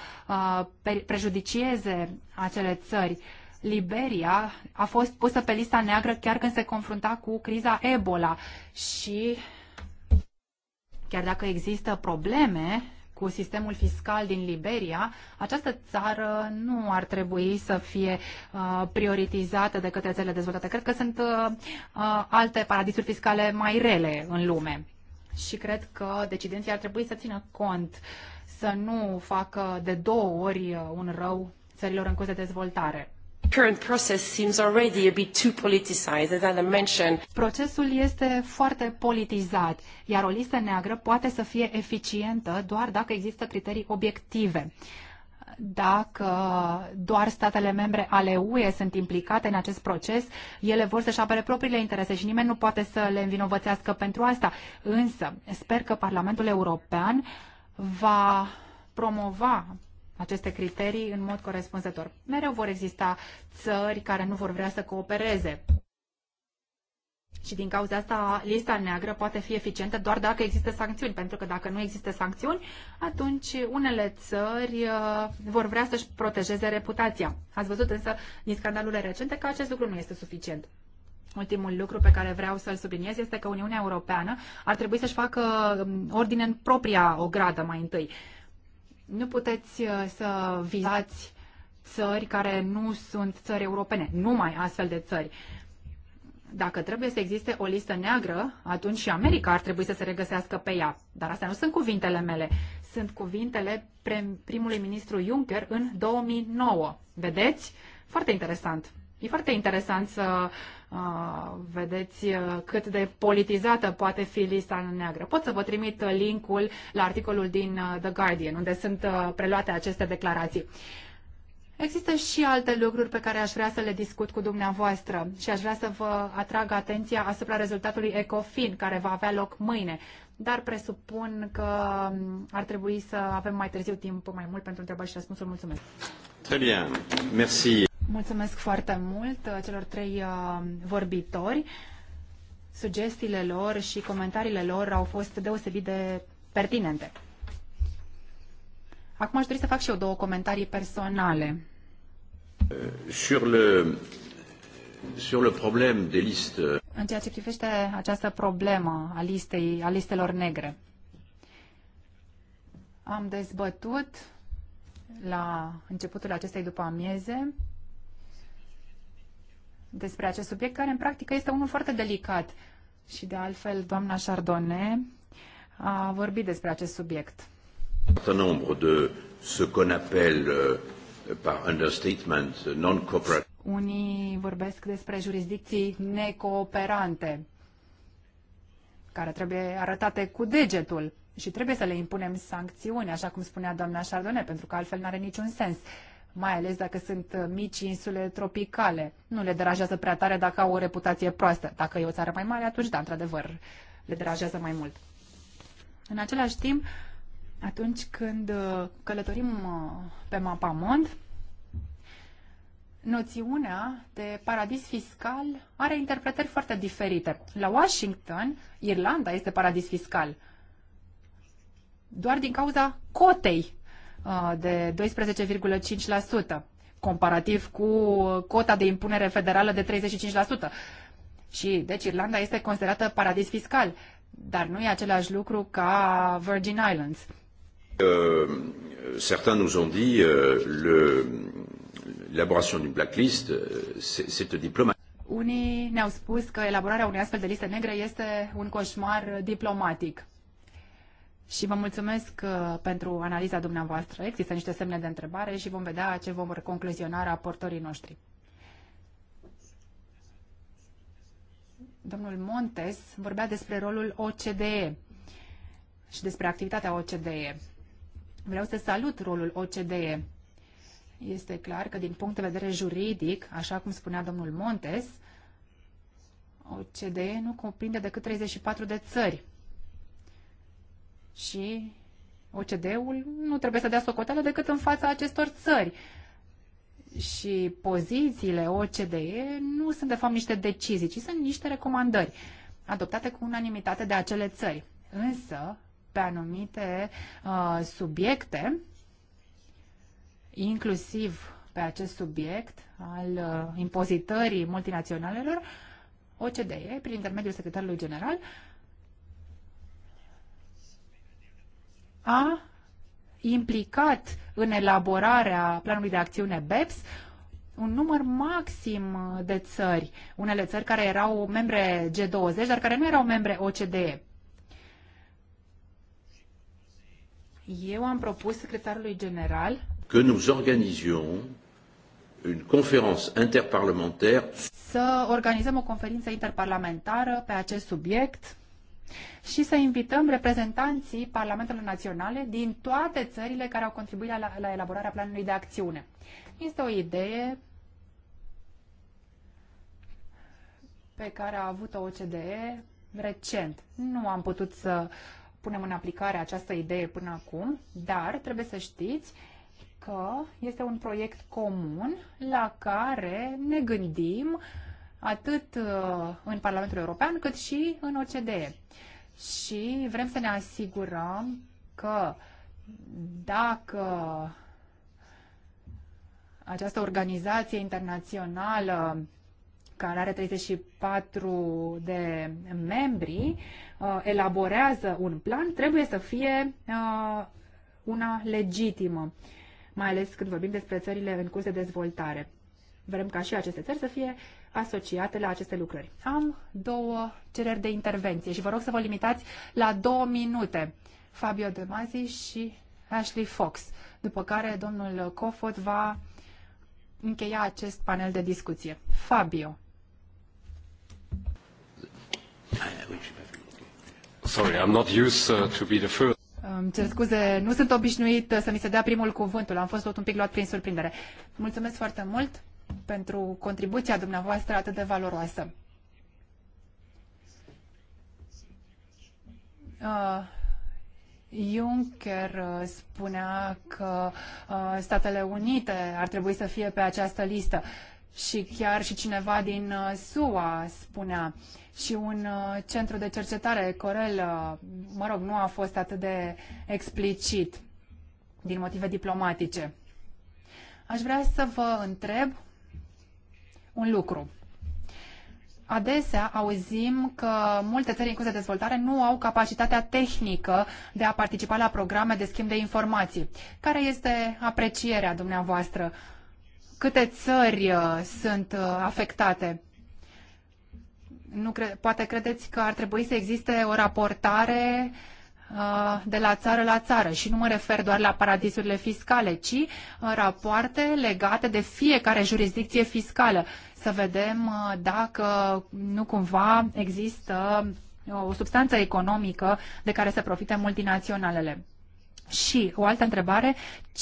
prejudicieze acele țări Liberia a fost pusă pe lista neagră chiar când se confrunta cu criza Ebola și chiar dacă există probleme cu sistemul fiscal din Liberia, această țară nu ar trebui să fie uh, prioritizată de către țările dezvoltate. Cred că sunt uh, uh, alte paradisuri fiscale mai rele în lume. Și cred că decidenții ar trebui să țină cont să nu facă de două ori un rău țărilor în curs de dezvoltare. Current process seems already a bit too politicized, as mentioned. Procesul este foarte politizat, iar o listă neagră poate să fie eficientă doar dacă există criterii obiective dacă doar statele membre ale UE sunt implicate în acest proces, ele vor să-și apere propriile interese și nimeni nu poate să le învinovățească pentru asta. Însă, sper că Parlamentul European va promova aceste criterii în mod corespunzător. Mereu vor exista țări care nu vor vrea să coopereze. Și din cauza asta, lista neagră poate fi eficientă doar dacă există sancțiuni, pentru că dacă nu există sancțiuni, atunci unele țări uh, vor vrea să-și protejeze reputația. Ați văzut însă din scandalurile recente că acest lucru nu este suficient. Ultimul lucru pe care vreau să-l subliniez este că Uniunea Europeană ar trebui să-și facă um, ordine în propria ogradă mai întâi. Nu puteți uh, să vizați țări care nu sunt țări europene, numai astfel de țări. Dacă trebuie să existe o listă neagră, atunci și America ar trebui să se regăsească pe ea. Dar astea nu sunt cuvintele mele, sunt cuvintele primului ministru Juncker în 2009. Vedeți? Foarte interesant. E foarte interesant să vedeți cât de politizată poate fi lista neagră. Pot să vă trimit linkul la articolul din The Guardian, unde sunt preluate aceste declarații. Există și alte lucruri pe care aș vrea să le discut cu dumneavoastră și aș vrea să vă atrag atenția asupra rezultatului ECOFIN, care va avea loc mâine. Dar presupun că ar trebui să avem mai târziu timp mai mult pentru întrebări și răspunsuri. Mulțumesc! Très bien. Merci. Mulțumesc foarte mult uh, celor trei uh, vorbitori. Sugestiile lor și comentariile lor au fost deosebit de pertinente. Acum aș dori să fac și eu două comentarii personale. Uh, sur le, sur le problème de liste. În ceea ce privește această problemă a, listei, a listelor negre, am dezbătut la începutul acestei după amieze despre acest subiect, care în practică este unul foarte delicat. Și de altfel, doamna Chardonnay a vorbit despre acest subiect. Un nombre de ce qu'on appelle euh, par understatement non-cooperative. Unii vorbesc despre jurisdicții necooperante, care trebuie arătate cu degetul și trebuie să le impunem sancțiuni, așa cum spunea doamna Chardonnay, pentru că altfel nu are niciun sens mai ales dacă sunt mici insule tropicale. Nu le deranjează prea tare dacă au o reputație proastă. Dacă e o țară mai mare, atunci, da, într-adevăr, le deranjează mai mult. În același timp, atunci când uh, călătorim uh, pe mapa mond noțiunea de paradis fiscal are interpretări foarte diferite. La Washington, Irlanda este paradis fiscal. Doar din cauza cotei Uh, de 12,5%, comparativ cu cota de impunere federală de 35%. Și, deci, Irlanda este considerată paradis fiscal, dar nu e același lucru ca Virgin Islands. Uh, certains nous ont dit uh, l'élaboration d'une blacklist, uh, c'est un diplomate. Unii ne-au spus că elaborarea unei astfel de liste negre este un coșmar diplomatic și vă mulțumesc uh, pentru analiza dumneavoastră. Există niște semne de întrebare și vom vedea ce vom concluziona raportorii noștri. Domnul Montes vorbea despre rolul OCDE și despre activitatea OCDE. Vreau să salut rolul OCDE. Este clar că din punct de vedere juridic, așa cum spunea domnul Montes, OCDE nu cuprinde decât 34 de țări și OCD-ul nu trebuie să dea socoteală decât în fața acestor țări. Și pozițiile OCDE nu sunt de fapt niște decizii, ci sunt niște recomandări adoptate cu unanimitate de acele țări. Însă, pe anumite uh, subiecte, inclusiv pe acest subiect al uh, impozitării multinaționalelor, OCDE, prin intermediul secretarului general, uh, a implicat în elaborarea planului de acțiune BEPS un număr maxim de țări, unele țări care erau membre G20, dar care nu erau membre OCDE. Eu am propus secretarului general que nous organisions une conférence interparlementaire să organizăm o conferință interparlamentară pe acest subiect și să invităm reprezentanții Parlamentelor Naționale din toate țările care au contribuit la, la elaborarea planului de acțiune. Este o idee pe care a avut-o OCDE recent. Nu am putut să punem în aplicare această idee până acum, dar trebuie să știți că este un proiect comun la care ne gândim uh, atât uh, în Parlamentul European cât și în OCDE. Și vrem să ne asigurăm că dacă această organizație internațională care are 34 de membri, uh, elaborează un plan, trebuie să fie uh, una legitimă, mai ales când vorbim despre țările în curs de dezvoltare. Vrem ca și aceste țări să fie asociate la aceste lucrări. Am două cereri de intervenție și vă rog să vă limitați la două minute. Fabio De Masi și Ashley Fox, după care domnul Cofot va încheia acest panel de discuție. Fabio. Sorry, I'm not used uh, to be the first. Îmi cer scuze, nu sunt obișnuit să mi se dea primul cuvântul, am fost tot un pic luat prin surprindere. Mulțumesc foarte mult pentru contribuția dumneavoastră atât de valoroasă. Uh, Juncker uh, spunea că uh, Statele Unite ar trebui să fie pe această listă și chiar și cineva din uh, SUA spunea și un uh, centru de cercetare, Corel, uh, mă rog, nu a fost atât de explicit din motive diplomatice. Aș vrea să vă întreb un lucru. Adesea auzim că multe țări în curs de dezvoltare nu au capacitatea tehnică de a participa la programe de schimb de informații. Care este aprecierea dumneavoastră? Câte țări uh, sunt uh, afectate? Nu cre- poate credeți că ar trebui să existe o raportare uh, Uh, de la țară la țară și nu mă refer doar la paradisurile fiscale, ci uh, rapoarte legate de fiecare jurisdicție fiscală. Să vedem uh, dacă nu cumva există o substanță economică de care să profite multinaționalele. Și o altă întrebare,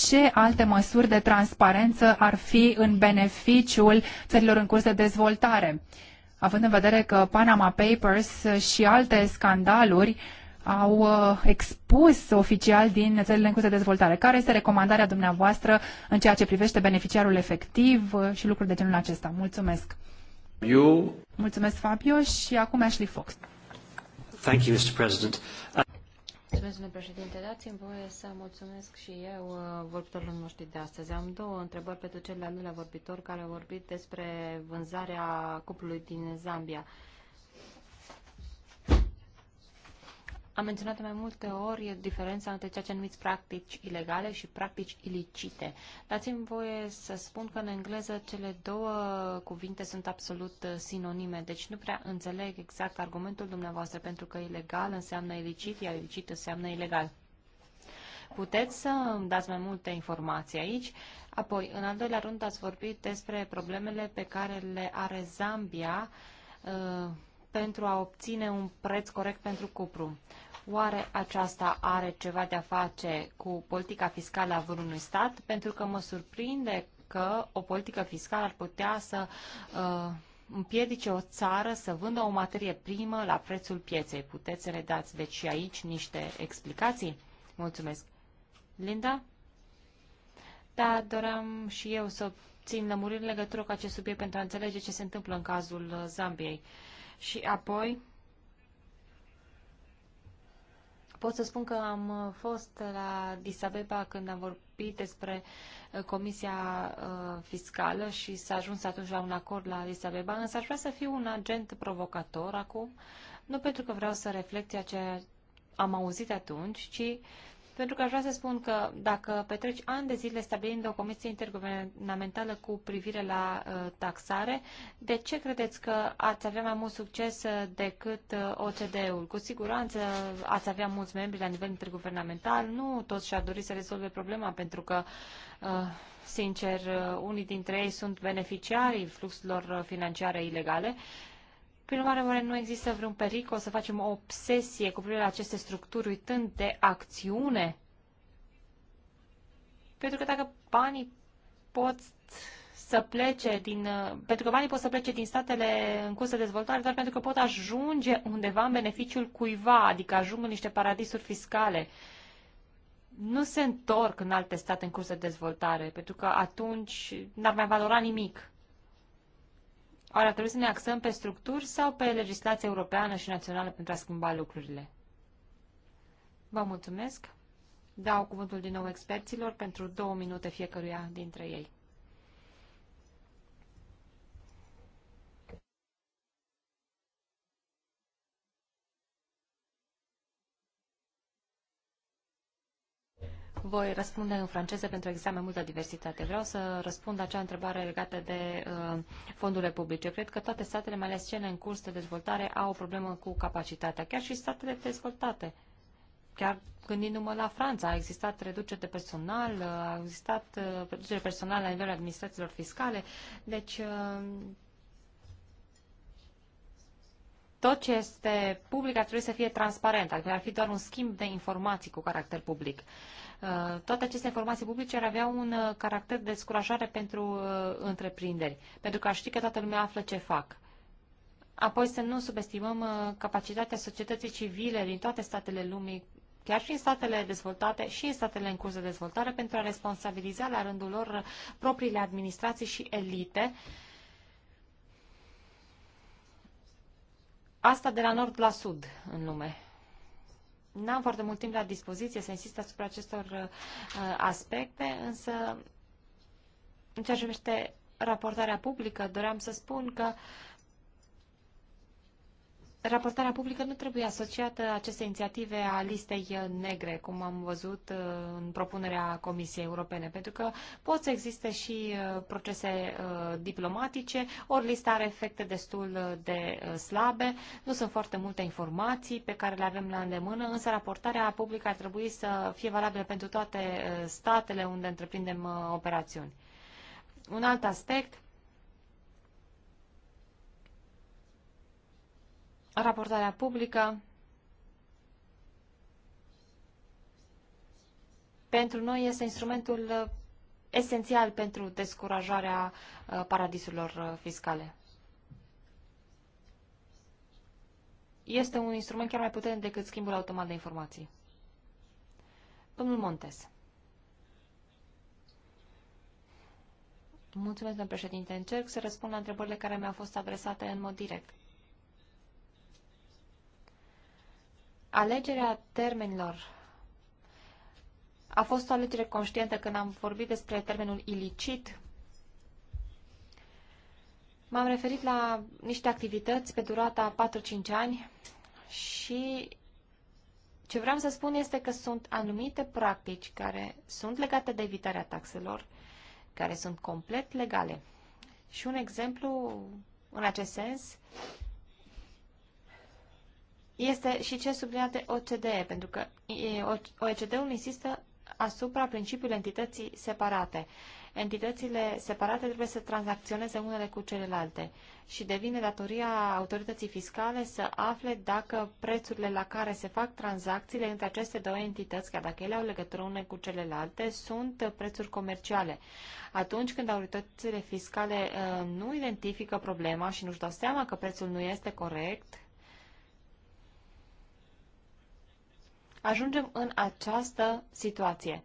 ce alte măsuri de transparență ar fi în beneficiul țărilor în curs de dezvoltare? Având în vedere că Panama Papers și alte scandaluri uh, au uh, expus oficial din țările în curs de dezvoltare. Care este recomandarea dumneavoastră în ceea ce privește beneficiarul efectiv uh, și lucruri de genul acesta? Mulțumesc! You. Mulțumesc, Fabio, și acum Ashley Fox. Thank you, Mr. President. Mulțumesc, domnule președinte. Dați-mi voie să mulțumesc și eu uh, vorbitorilor noștri de astăzi. Am două întrebări pentru cel de-al doilea vorbitor care a vorbit despre vânzarea cuplului din Zambia. Uh, Am menționat mai multe ori diferența între ceea ce numiți practici ilegale și practici ilicite. Dați-mi voie să spun că în engleză cele două cuvinte sunt absolut sinonime, deci nu prea înțeleg exact argumentul dumneavoastră, pentru că ilegal înseamnă ilicit, iar ilicit înseamnă ilegal. Puteți să îmi dați mai multe informații aici? Apoi, în al doilea rând, ați vorbit despre problemele pe care le are Zambia uh, pentru a obține un preț corect pentru cupru. Oare aceasta are ceva de a face cu politica fiscală a vreunui stat? Pentru că mă surprinde că o politică fiscală ar putea să uh, împiedice o țară să vândă o materie primă la prețul pieței. Puteți să le dați deci și aici niște explicații? Mulțumesc. Linda? Da, doream și eu să țin lămuriri în legătură cu acest subiect pentru a înțelege ce se întâmplă în cazul uh, Zambiei. Și apoi, Pot să spun că am uh, fost la Disabeba când am vorbit despre uh, Comisia uh, Fiscală și s-a ajuns atunci la un acord la Disabeba, însă aș vrea să fiu un agent provocator acum, nu pentru că vreau să reflect ceea ce am auzit atunci, ci pentru că aș vrea să spun că dacă petreci ani de zile stabilind o comisie interguvernamentală cu privire la uh, taxare, de ce credeți că ați avea mai mult succes uh, decât uh, ul Cu siguranță ați avea mulți membri la nivel interguvernamental, nu toți și-ar dori să rezolve problema, pentru că, uh, sincer, uh, unii dintre ei sunt beneficiarii fluxurilor uh, financiare ilegale. Uh, prin urmare, nu există vreun pericol să facem o obsesie cu privire la aceste structuri, uitând de acțiune? Pentru că dacă banii pot să plece din... Uh, pentru că banii pot să plece din statele în curs de dezvoltare doar pentru că pot ajunge undeva în beneficiul cuiva, adică ajung în niște paradisuri fiscale. Nu se întorc în alte state în curs de dezvoltare, pentru că atunci n-ar mai valora nimic. Oare ar trebui să ne axăm pe structuri sau pe legislația europeană și națională pentru a schimba lucrurile? Vă mulțumesc. Dau cuvântul din nou experților pentru două minute fiecăruia dintre ei. Voi răspunde în franceză pentru că exista mai multă diversitate. Vreau să răspund acea întrebare legată de uh, fondurile publice. Cred că toate statele, mai ales cele în curs de dezvoltare, au o problemă cu capacitatea, chiar și statele dezvoltate. Chiar gândindu-mă la Franța, a existat reducere de personal, uh, a existat uh, reducere personală la nivelul administrațiilor fiscale, deci uh, tot ce este public ar trebui să fie transparent, adică ar fi doar un schimb de informații cu caracter public. Uh, Uh, toate aceste informații publice ar avea un uh, caracter de descurajare pentru uh, întreprinderi, pentru că ar ști că toată lumea află ce fac. Apoi să nu subestimăm capacitatea societății civile din toate statele lumii, chiar și în statele dezvoltate și în statele în curs de dezvoltare, pentru a responsabiliza la rândul lor propriile administrații și elite, Asta de la nord la sud în lume. N-am foarte mult timp la dispoziție să insist asupra acestor uh, aspecte, însă în ceea ce privește raportarea publică, doream să spun că uh, raportarea publică nu trebuie asociată acestei inițiative a listei negre, cum am văzut uh, în propunerea Comisiei Europene, pentru că pot să existe și uh, procese uh, diplomatice, ori lista are efecte destul de slabe, nu sunt foarte multe informații pe care le avem la îndemână, însă raportarea publică ar trebui să fie valabilă pentru toate statele unde întreprindem operațiuni. Un alt aspect raportarea publică, pentru noi este instrumentul uh, esențial pentru descurajarea uh, paradisurilor uh, fiscale. Este un instrument chiar mai puternic decât schimbul automat de informații. Domnul Montes. Mulțumesc, domnul președinte. Încerc să răspund la întrebările care mi-au fost adresate în mod direct. Alegerea termenilor a fost o alegere conștientă când am vorbit despre termenul ilicit. M-am referit la niște activități pe durata 4-5 ani și ce vreau să spun este că sunt anumite practici care sunt legate de evitarea taxelor, care sunt complet legale. Și un exemplu în acest sens este și ce subliniate OCDE, pentru că OECD-ul insistă asupra principiului entității separate. Entitățile separate trebuie să tranzacționeze unele cu celelalte și devine datoria autorității fiscale să afle dacă prețurile la care se fac tranzacțiile între aceste două entități, chiar dacă ele au legătură une cu celelalte, sunt prețuri comerciale. Atunci când autoritățile fiscale uh, nu identifică problema și nu-și dau seama că prețul nu este corect, ajungem în această situație.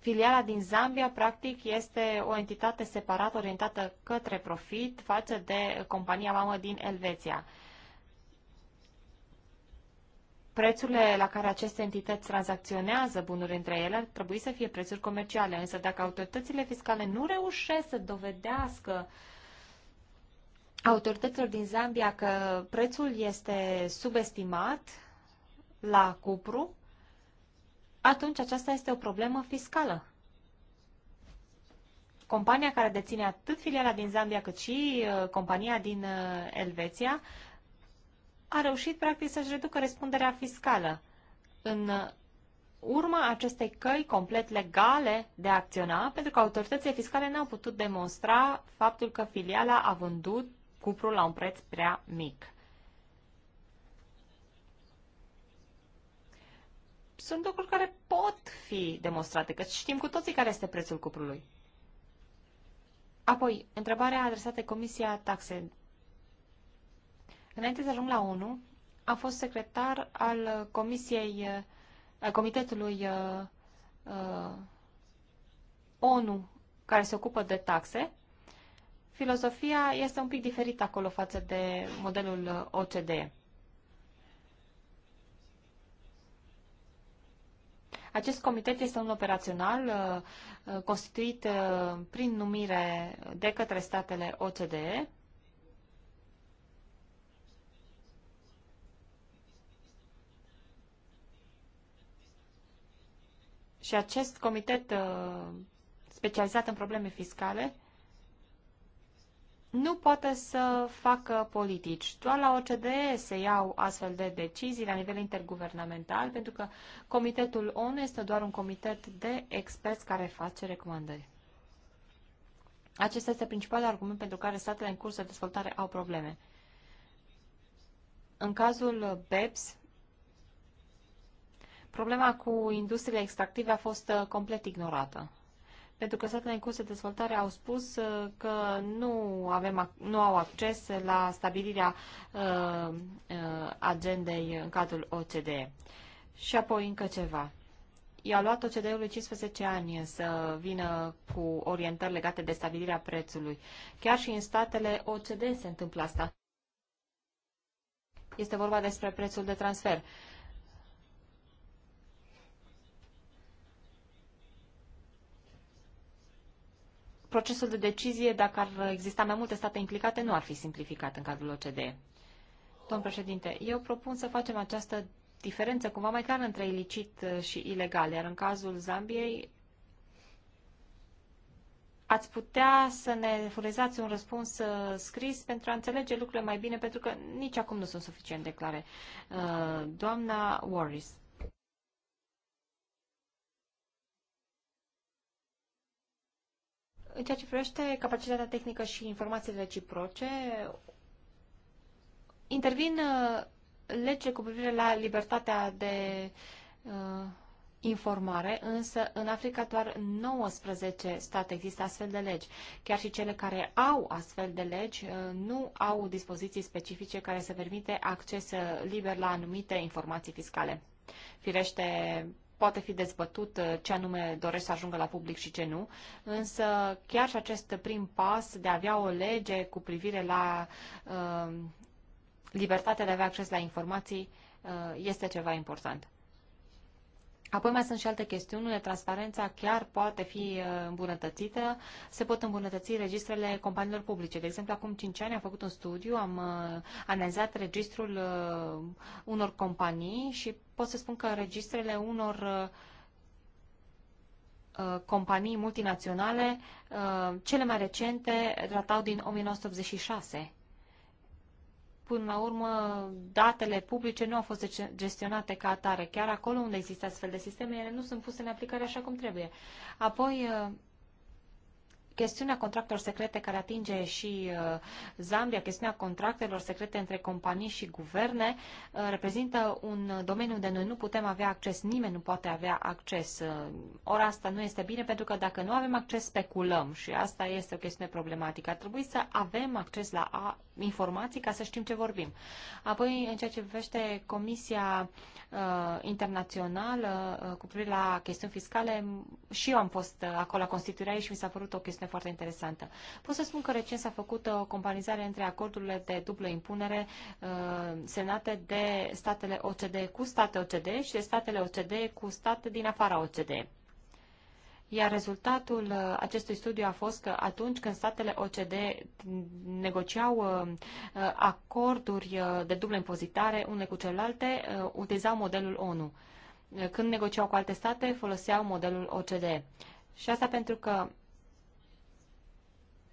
Filiala din Zambia, practic, este o entitate separată, orientată către profit, față de compania mamă din Elveția. Prețurile la care aceste entități tranzacționează bunuri între ele ar trebui să fie prețuri comerciale, însă dacă autoritățile fiscale nu reușesc să dovedească autorităților din Zambia că prețul este subestimat, la cupru, atunci aceasta este o problemă fiscală. Compania care deține atât filiala din Zambia cât și uh, compania din uh, Elveția a reușit practic să-și reducă răspunderea fiscală. În uh, urma acestei căi complet legale de a acționa, pentru că autoritățile fiscale n-au putut demonstra faptul că filiala a vândut cuprul la un preț prea mic. sunt lucruri care pot fi demonstrate, că știm cu toții care este prețul cuprului. Apoi, întrebarea adresată Comisia Taxe. Înainte să ajung la 1, am fost secretar al Comisiei, al Comitetului uh, uh, ONU care se ocupă de taxe. Filosofia este un pic diferită acolo față de modelul OCDE. Acest comitet este un operațional uh, uh, constituit uh, prin numire de către statele OCDE. Și acest comitet specializat în probleme fiscale nu poate să facă politici. Doar la OCDE se iau astfel de decizii la nivel interguvernamental, pentru că Comitetul ONU este doar un comitet de experți care face recomandări. Acesta este principalul argument pentru care statele în curs de dezvoltare au probleme. În cazul BEPS, problema cu industriile extractive a fost uh, complet ignorată pentru că statele în curs de dezvoltare au spus uh, că nu, avem, nu au acces la stabilirea uh, uh, agendei în cadrul OCDE. Și apoi încă ceva. I-a luat OCDE-ului 15 ani să vină cu orientări legate de stabilirea prețului. Chiar și în statele OCDE se întâmplă asta. Este vorba despre prețul de transfer. procesul de decizie, dacă ar exista mai multe state implicate, nu ar fi simplificat în cadrul OCDE. Domn președinte, eu propun să facem această diferență cumva mai clară între ilicit și ilegal, iar în cazul Zambiei ați putea să ne furnizați un răspuns uh, scris pentru a înțelege lucrurile mai bine, pentru că nici acum nu sunt suficient de clare. Uh, doamna Warris. În ceea ce privește capacitatea tehnică și informațiile reciproce, intervin uh, lege cu privire la libertatea de uh, informare, însă în Africa doar 19 state există astfel de legi. Chiar și cele care au astfel de legi uh, nu au dispoziții specifice care să permite acces uh, liber la anumite informații fiscale. Firește, poate fi dezbătut uh, ce anume doresc să ajungă la public și ce nu, însă chiar și acest prim pas de a avea o lege cu privire la uh, libertatea de a avea acces la informații uh, este ceva important. Apoi mai sunt și alte chestiuni. Transparența chiar poate fi uh, îmbunătățită. Se pot îmbunătăți registrele companiilor publice. De exemplu, acum 5 ani am făcut un studiu, am uh, analizat registrul uh, unor companii și pot să spun că registrele unor companii multinaționale, cele mai recente, datau din 1986 până la urmă, datele publice nu au fost gestionate ca atare. Chiar acolo unde există astfel de sisteme, ele nu sunt puse în aplicare așa cum trebuie. Apoi, chestiunea contractelor secrete care atinge și uh, Zambia, chestiunea contractelor secrete între companii și guverne, uh, reprezintă un domeniu de noi nu putem avea acces, nimeni nu poate avea acces. Uh, ora asta nu este bine, pentru că dacă nu avem acces, speculăm și asta este o chestiune problematică. Ar trebui să avem acces la a, informații ca să știm ce vorbim. Apoi, în ceea ce privește Comisia uh, internațională uh, cu privire la chestiuni fiscale. Și eu am fost uh, acolo la Constituirea și mi s-a părut o chestiune foarte interesantă. Pot să spun că recent s-a făcut uh, o companizare între acordurile de dublă impunere uh, semnate de statele OCDE cu state OCDE și de statele OCDE cu state din afara OCDE. Iar rezultatul uh, acestui studiu a fost că atunci când statele OCD negociau uh, uh, acorduri de dublă impozitare une cu celelalte, utilizau modelul ONU. Când negociau cu alte state, foloseau modelul OCD. Și asta pentru că,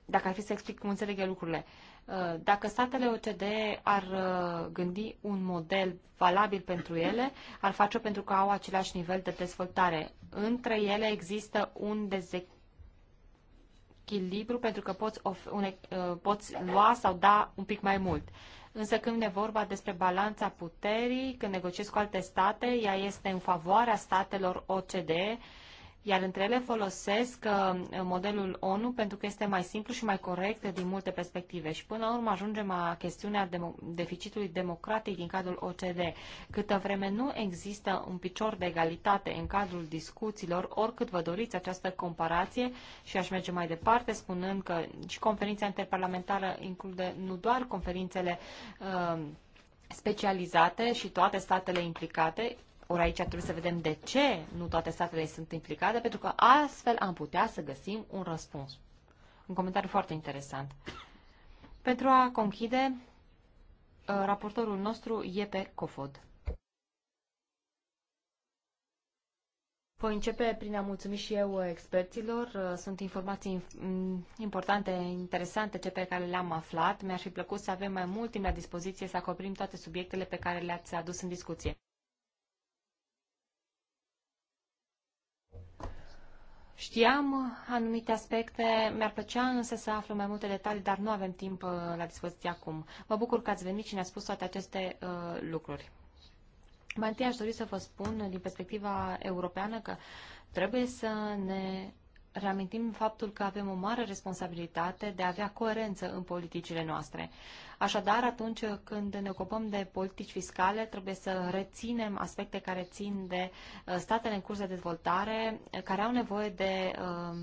dacă ar fi să explic cum înțeleg lucrurile, uh, Uh, dacă statele OCDE ar uh, gândi un model valabil pentru ele, ar face o pentru că au același nivel de dezvoltare. Între ele există un dezechilibru pentru că poți, un, uh, poți lua sau da un pic mai mult. Însă când e vorba despre balanța puterii, când negociezi cu alte state, ea este în favoarea statelor OCDE, iar între ele folosesc uh, modelul ONU pentru că este mai simplu și mai corect din multe perspective. Și până la urmă ajungem la chestiunea deficitului democratic din cadrul OCD. Câtă vreme nu există un picior de egalitate în cadrul discuțiilor, oricât vă doriți această comparație și aș merge mai departe spunând că și conferința interparlamentară include nu doar conferințele uh, specializate și toate statele implicate, ori aici trebuie să vedem de ce nu toate statele sunt implicate, pentru că astfel am putea să găsim un răspuns. Un comentariu foarte interesant. Pentru a conchide, uh, raportorul nostru e pe COFOD. Voi începe prin a mulțumi și eu experților. Uh, sunt informații mm, importante, interesante, ce pe care le-am aflat. Mi-ar fi plăcut să avem mai mult timp la dispoziție să acoperim toate subiectele pe care le-ați adus în discuție. Știam anumite aspecte, mi-ar plăcea însă să aflu mai multe detalii, dar nu avem timp uh, la dispoziție acum. Mă bucur că ați venit și ne a spus toate aceste uh, lucruri. Mai întâi aș dori să vă spun din perspectiva europeană că trebuie să ne reamintim faptul că avem o mare responsabilitate de a avea coerență în politicile noastre. Așadar, atunci când ne ocupăm de politici fiscale, trebuie să reținem aspecte care țin de uh, statele în curs de dezvoltare, uh, care au nevoie de uh,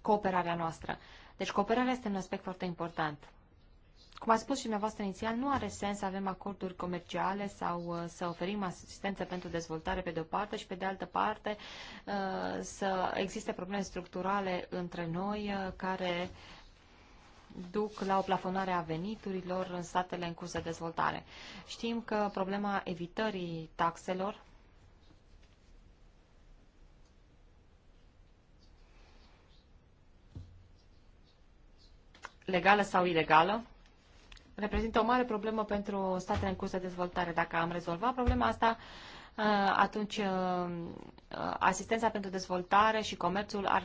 cooperarea noastră. Deci cooperarea este un aspect foarte important. Cum a spus și dumneavoastră inițial, nu are sens să avem acorduri comerciale sau uh, să oferim asistență pentru dezvoltare pe de-o parte și pe de altă parte uh, să existe probleme structurale între noi uh, care duc la o plafonare a veniturilor în statele în curs de dezvoltare. Știm că problema evitării taxelor legală sau ilegală reprezintă o mare problemă pentru statele în curs de dezvoltare. Dacă am rezolvat problema asta, uh, atunci uh, uh, asistența pentru dezvoltare și comerțul ar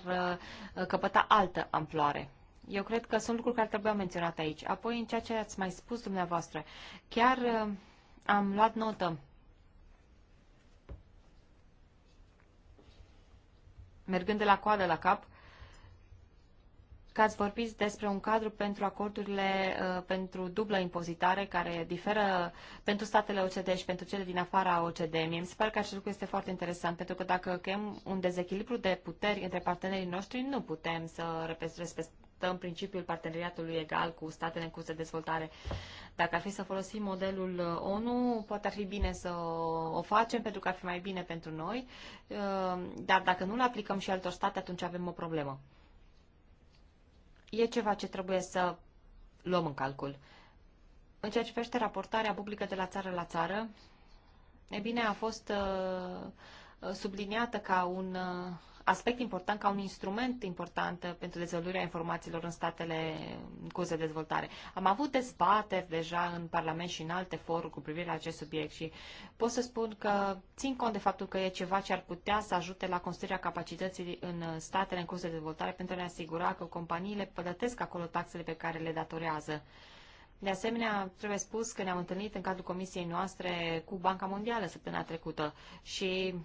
căpăta altă amploare. Eu cred că sunt lucruri care trebuie menționate aici. Apoi, în ceea ce ați mai spus dumneavoastră, chiar am luat notă. Mergând de la coadă la cap, că ați vorbit despre un cadru pentru acordurile uh, pentru dublă impozitare care diferă pentru statele OCDE și pentru cele din afara OCDE. Mie mi se pare că acest lucru este foarte interesant, pentru că dacă creăm un dezechilibru de puteri între partenerii noștri, nu putem să respectăm principiul parteneriatului egal cu statele în curs de dezvoltare. Dacă ar fi să folosim modelul uh, ONU, poate ar fi bine să o facem, pentru că ar fi mai bine pentru noi, uh, dar dacă nu-l aplicăm și altor state, atunci avem o problemă e ceva ce trebuie să luăm în calcul. În ceea ce privește raportarea publică de la țară la țară, e bine, a fost uh, subliniată ca un uh, aspect important, ca un instrument important pentru dezvăluirea informațiilor în statele în curs de dezvoltare. Am avut dezbateri deja în Parlament și în alte foruri cu privire la acest subiect și pot să spun că țin cont de faptul că e ceva ce ar putea să ajute la construirea capacității în statele în curs de dezvoltare pentru a ne asigura că companiile plătesc acolo taxele pe care le datorează. De asemenea, trebuie spus că ne-am întâlnit în cadrul comisiei noastre cu Banca Mondială săptămâna trecută și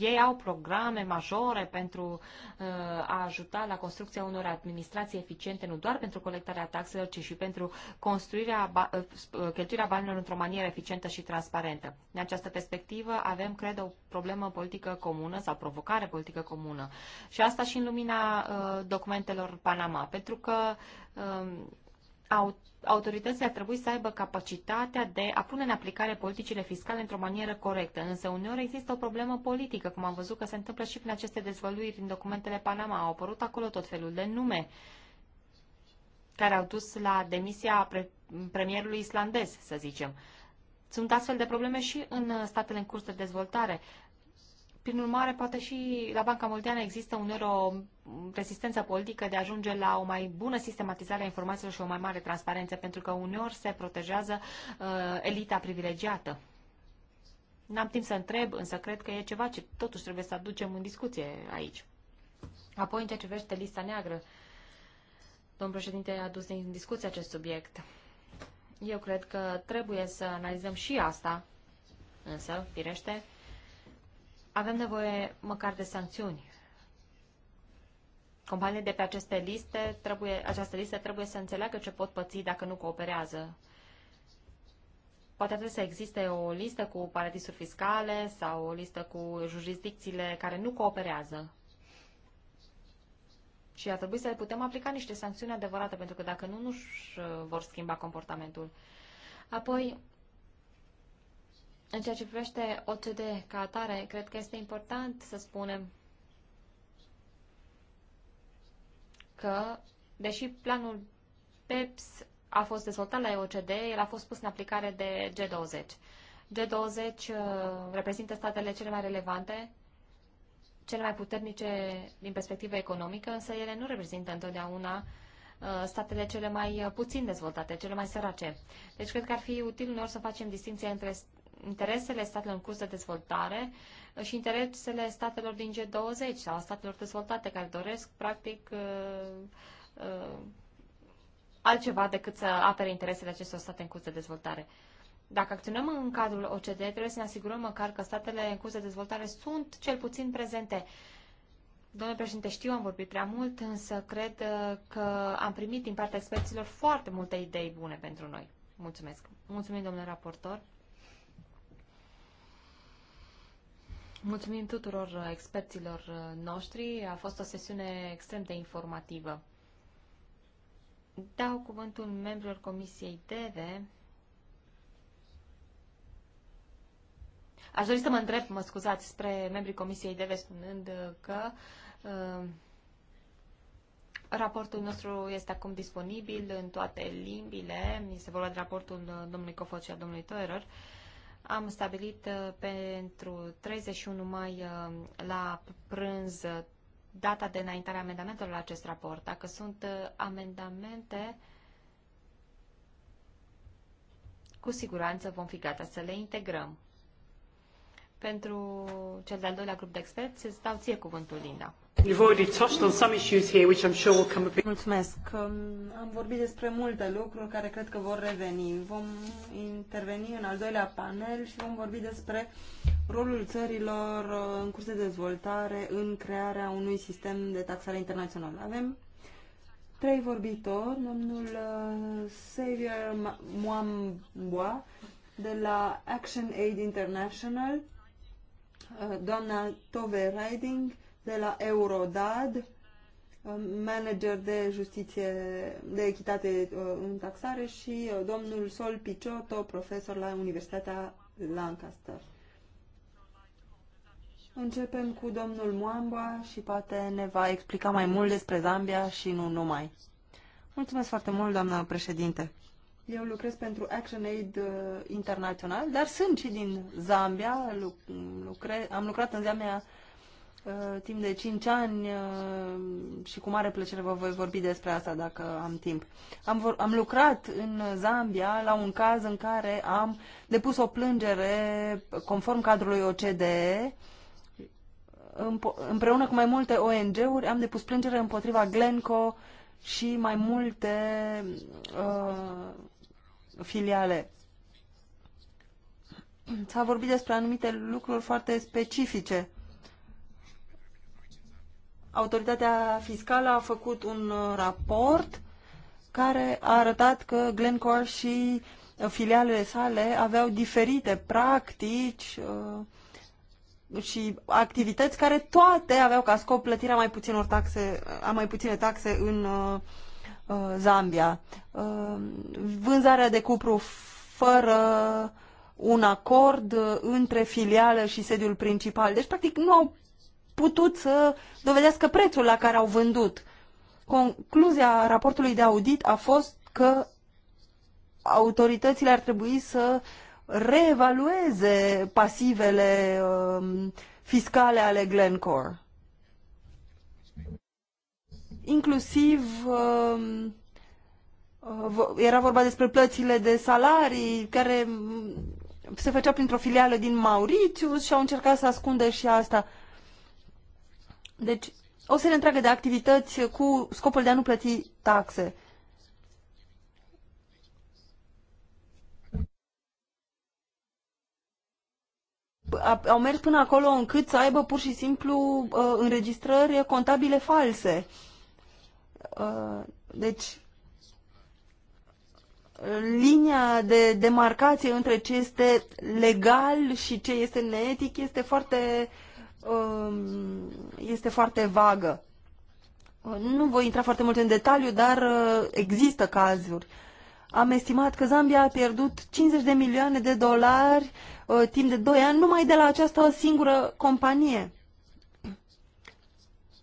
ei au programe majore pentru uh, a ajuta la construcția unor administrații eficiente, nu doar pentru colectarea taxelor, ci și pentru construirea, uh, uh, cheltuirea banilor într-o manieră eficientă și transparentă. În această perspectivă avem, cred, o problemă politică comună sau provocare politică comună. Și asta și în lumina documentelor Panama, pentru că um, autoritățile ar trebui să aibă capacitatea de a pune în aplicare politicile fiscale într-o manieră corectă. Însă uneori există o problemă politică, cum am văzut că se întâmplă și prin aceste dezvăluiri în documentele Panama. Au apărut acolo tot felul de nume care au dus la demisia pre- premierului islandez, să zicem. Sunt astfel de probleme și în statele în curs de dezvoltare. Prin urmare, poate și la Banca Moldeană există uneori o mm, rezistență politică de a ajunge la o mai bună sistematizare a informațiilor și o mai mare transparență, pentru că uneori se protejează uh, elita privilegiată. N-am timp să întreb, însă cred că e ceva ce totuși trebuie să aducem în discuție aici. Apoi, în ceea ce privește lista neagră, domnul președinte a adus în discuție acest subiect. Eu cred că trebuie să analizăm și asta, însă, firește, avem nevoie măcar de sancțiuni. Companiile de pe aceste liste trebuie, această listă trebuie să înțeleagă ce pot păți dacă nu cooperează. Poate trebuie să existe o listă cu paradisuri fiscale sau o listă cu jurisdicțiile care nu cooperează. Și ar trebui să putem aplica niște sancțiuni adevărate, pentru că dacă nu, nu-și uh, vor schimba comportamentul. Apoi, în ceea ce privește OCD ca atare, cred că este important să spunem că, deși planul PEPS a fost dezvoltat la OCD, el a fost pus în aplicare de G20. G20 uh, reprezintă statele cele mai relevante, cele mai puternice din perspectivă economică, însă ele nu reprezintă întotdeauna uh, statele cele mai uh, puțin dezvoltate, cele mai sărace. Deci cred că ar fi util uneori să facem distinția între interesele statelor în curs de dezvoltare și interesele statelor din G20 sau a statelor dezvoltate care doresc, practic, uh, uh, altceva decât să apere interesele acestor state în curs de dezvoltare. Dacă acționăm în cadrul OCDE, trebuie să ne asigurăm măcar că statele în curs de dezvoltare sunt cel puțin prezente. Domnule președinte, știu, am vorbit prea mult, însă cred uh, că am primit din partea experților foarte multe idei bune pentru noi. Mulțumesc. Mulțumim, domnule raportor. Mulțumim tuturor uh, experților uh, noștri. A fost o sesiune extrem de informativă. Dau cuvântul membrilor Comisiei TV. Aș dori să mă întreb, mă scuzați, spre membrii Comisiei TV spunând uh, că uh, raportul nostru este acum disponibil în toate limbile. Este vorba de raportul domnului Cofoci și a domnului Toerer. Uh, am stabilit uh, pentru 31 mai uh, la prânz uh, data de înaintare a amendamentelor la acest raport. Dacă sunt amendamente, cu siguranță vom fi gata să le integrăm pentru cel de-al doilea grup de experți. Îți dau ție cuvântul, Linda. already touched on some issues here, which I'm sure will come Mulțumesc. Um, am vorbit despre multe lucruri care cred că vor reveni. Vom interveni în al doilea panel și vom vorbi despre rolul țărilor uh, în curs de dezvoltare în crearea unui sistem de taxare internațional. Avem trei vorbitori, domnul uh, Xavier Mwambua de la Action Aid International, Uh, doamna Tove Riding de la Eurodad, uh, manager de justiție, de echitate uh, în taxare și domnul Sol Picioto, profesor la Universitatea Lancaster. Începem cu domnul Moamba și poate ne va explica mai mult despre Zambia și nu numai. Mulțumesc foarte mult, doamna președinte. Eu lucrez pentru ActionAid uh, internațional, dar sunt și din Zambia. Lucre, am lucrat în Zambia uh, timp de 5 ani uh, și cu mare plăcere vă voi vorbi despre asta dacă am timp. Am, vor, am lucrat în Zambia la un caz în care am depus o plângere conform cadrului OCDE împreună cu mai multe ONG-uri am depus plângere împotriva Glenco și mai multe uh, filiale. S-a vorbit despre anumite lucruri foarte specifice. Autoritatea fiscală a făcut un uh, raport care a arătat că Glencore și uh, filialele sale aveau diferite practici uh, și activități care toate aveau ca scop plătirea mai puținor taxe, a mai puține taxe în Uh, Zambia. Uh, vânzarea de cupru fără un acord uh, între filială și sediul principal. Deci, practic, nu au putut să dovedească prețul la care au vândut. Concluzia raportului de audit a fost că autoritățile ar trebui să reevalueze pasivele um, fiscale ale Glencore inclusiv um, uh, era vorba despre plățile de salarii care mm, se făcea printr-o filială din Mauritius și au încercat să ascundă și asta. Deci, o serie întreagă de activități cu scopul de a nu plăti taxe. au mers până acolo încât să aibă pur și simplu uh, înregistrări contabile false. Uh, deci, linia de demarcație între ce este legal și ce este neetic este foarte, um, este foarte vagă. Uh, nu voi intra foarte mult în detaliu, dar uh, există cazuri. Am estimat că Zambia a pierdut 50 de milioane de dolari timp de 2 ani numai de la această singură companie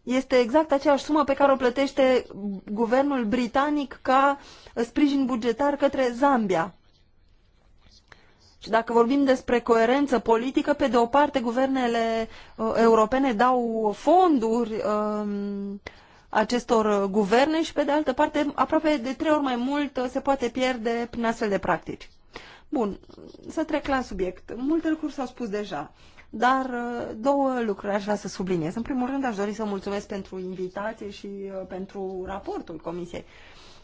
este exact aceeași sumă pe care o plătește guvernul britanic ca sprijin bugetar către Zambia. Și dacă vorbim despre coerență politică, pe de o parte, guvernele uh, europene dau fonduri uh, acestor guverne și, pe de altă parte, aproape de trei ori mai mult uh, se poate pierde prin astfel de practici. Bun, să trec la subiect. Multe lucruri s-au spus deja. Dar uh, două lucruri aș vrea să subliniez. În primul rând, aș dori să mulțumesc pentru invitație și uh, pentru raportul Comisiei.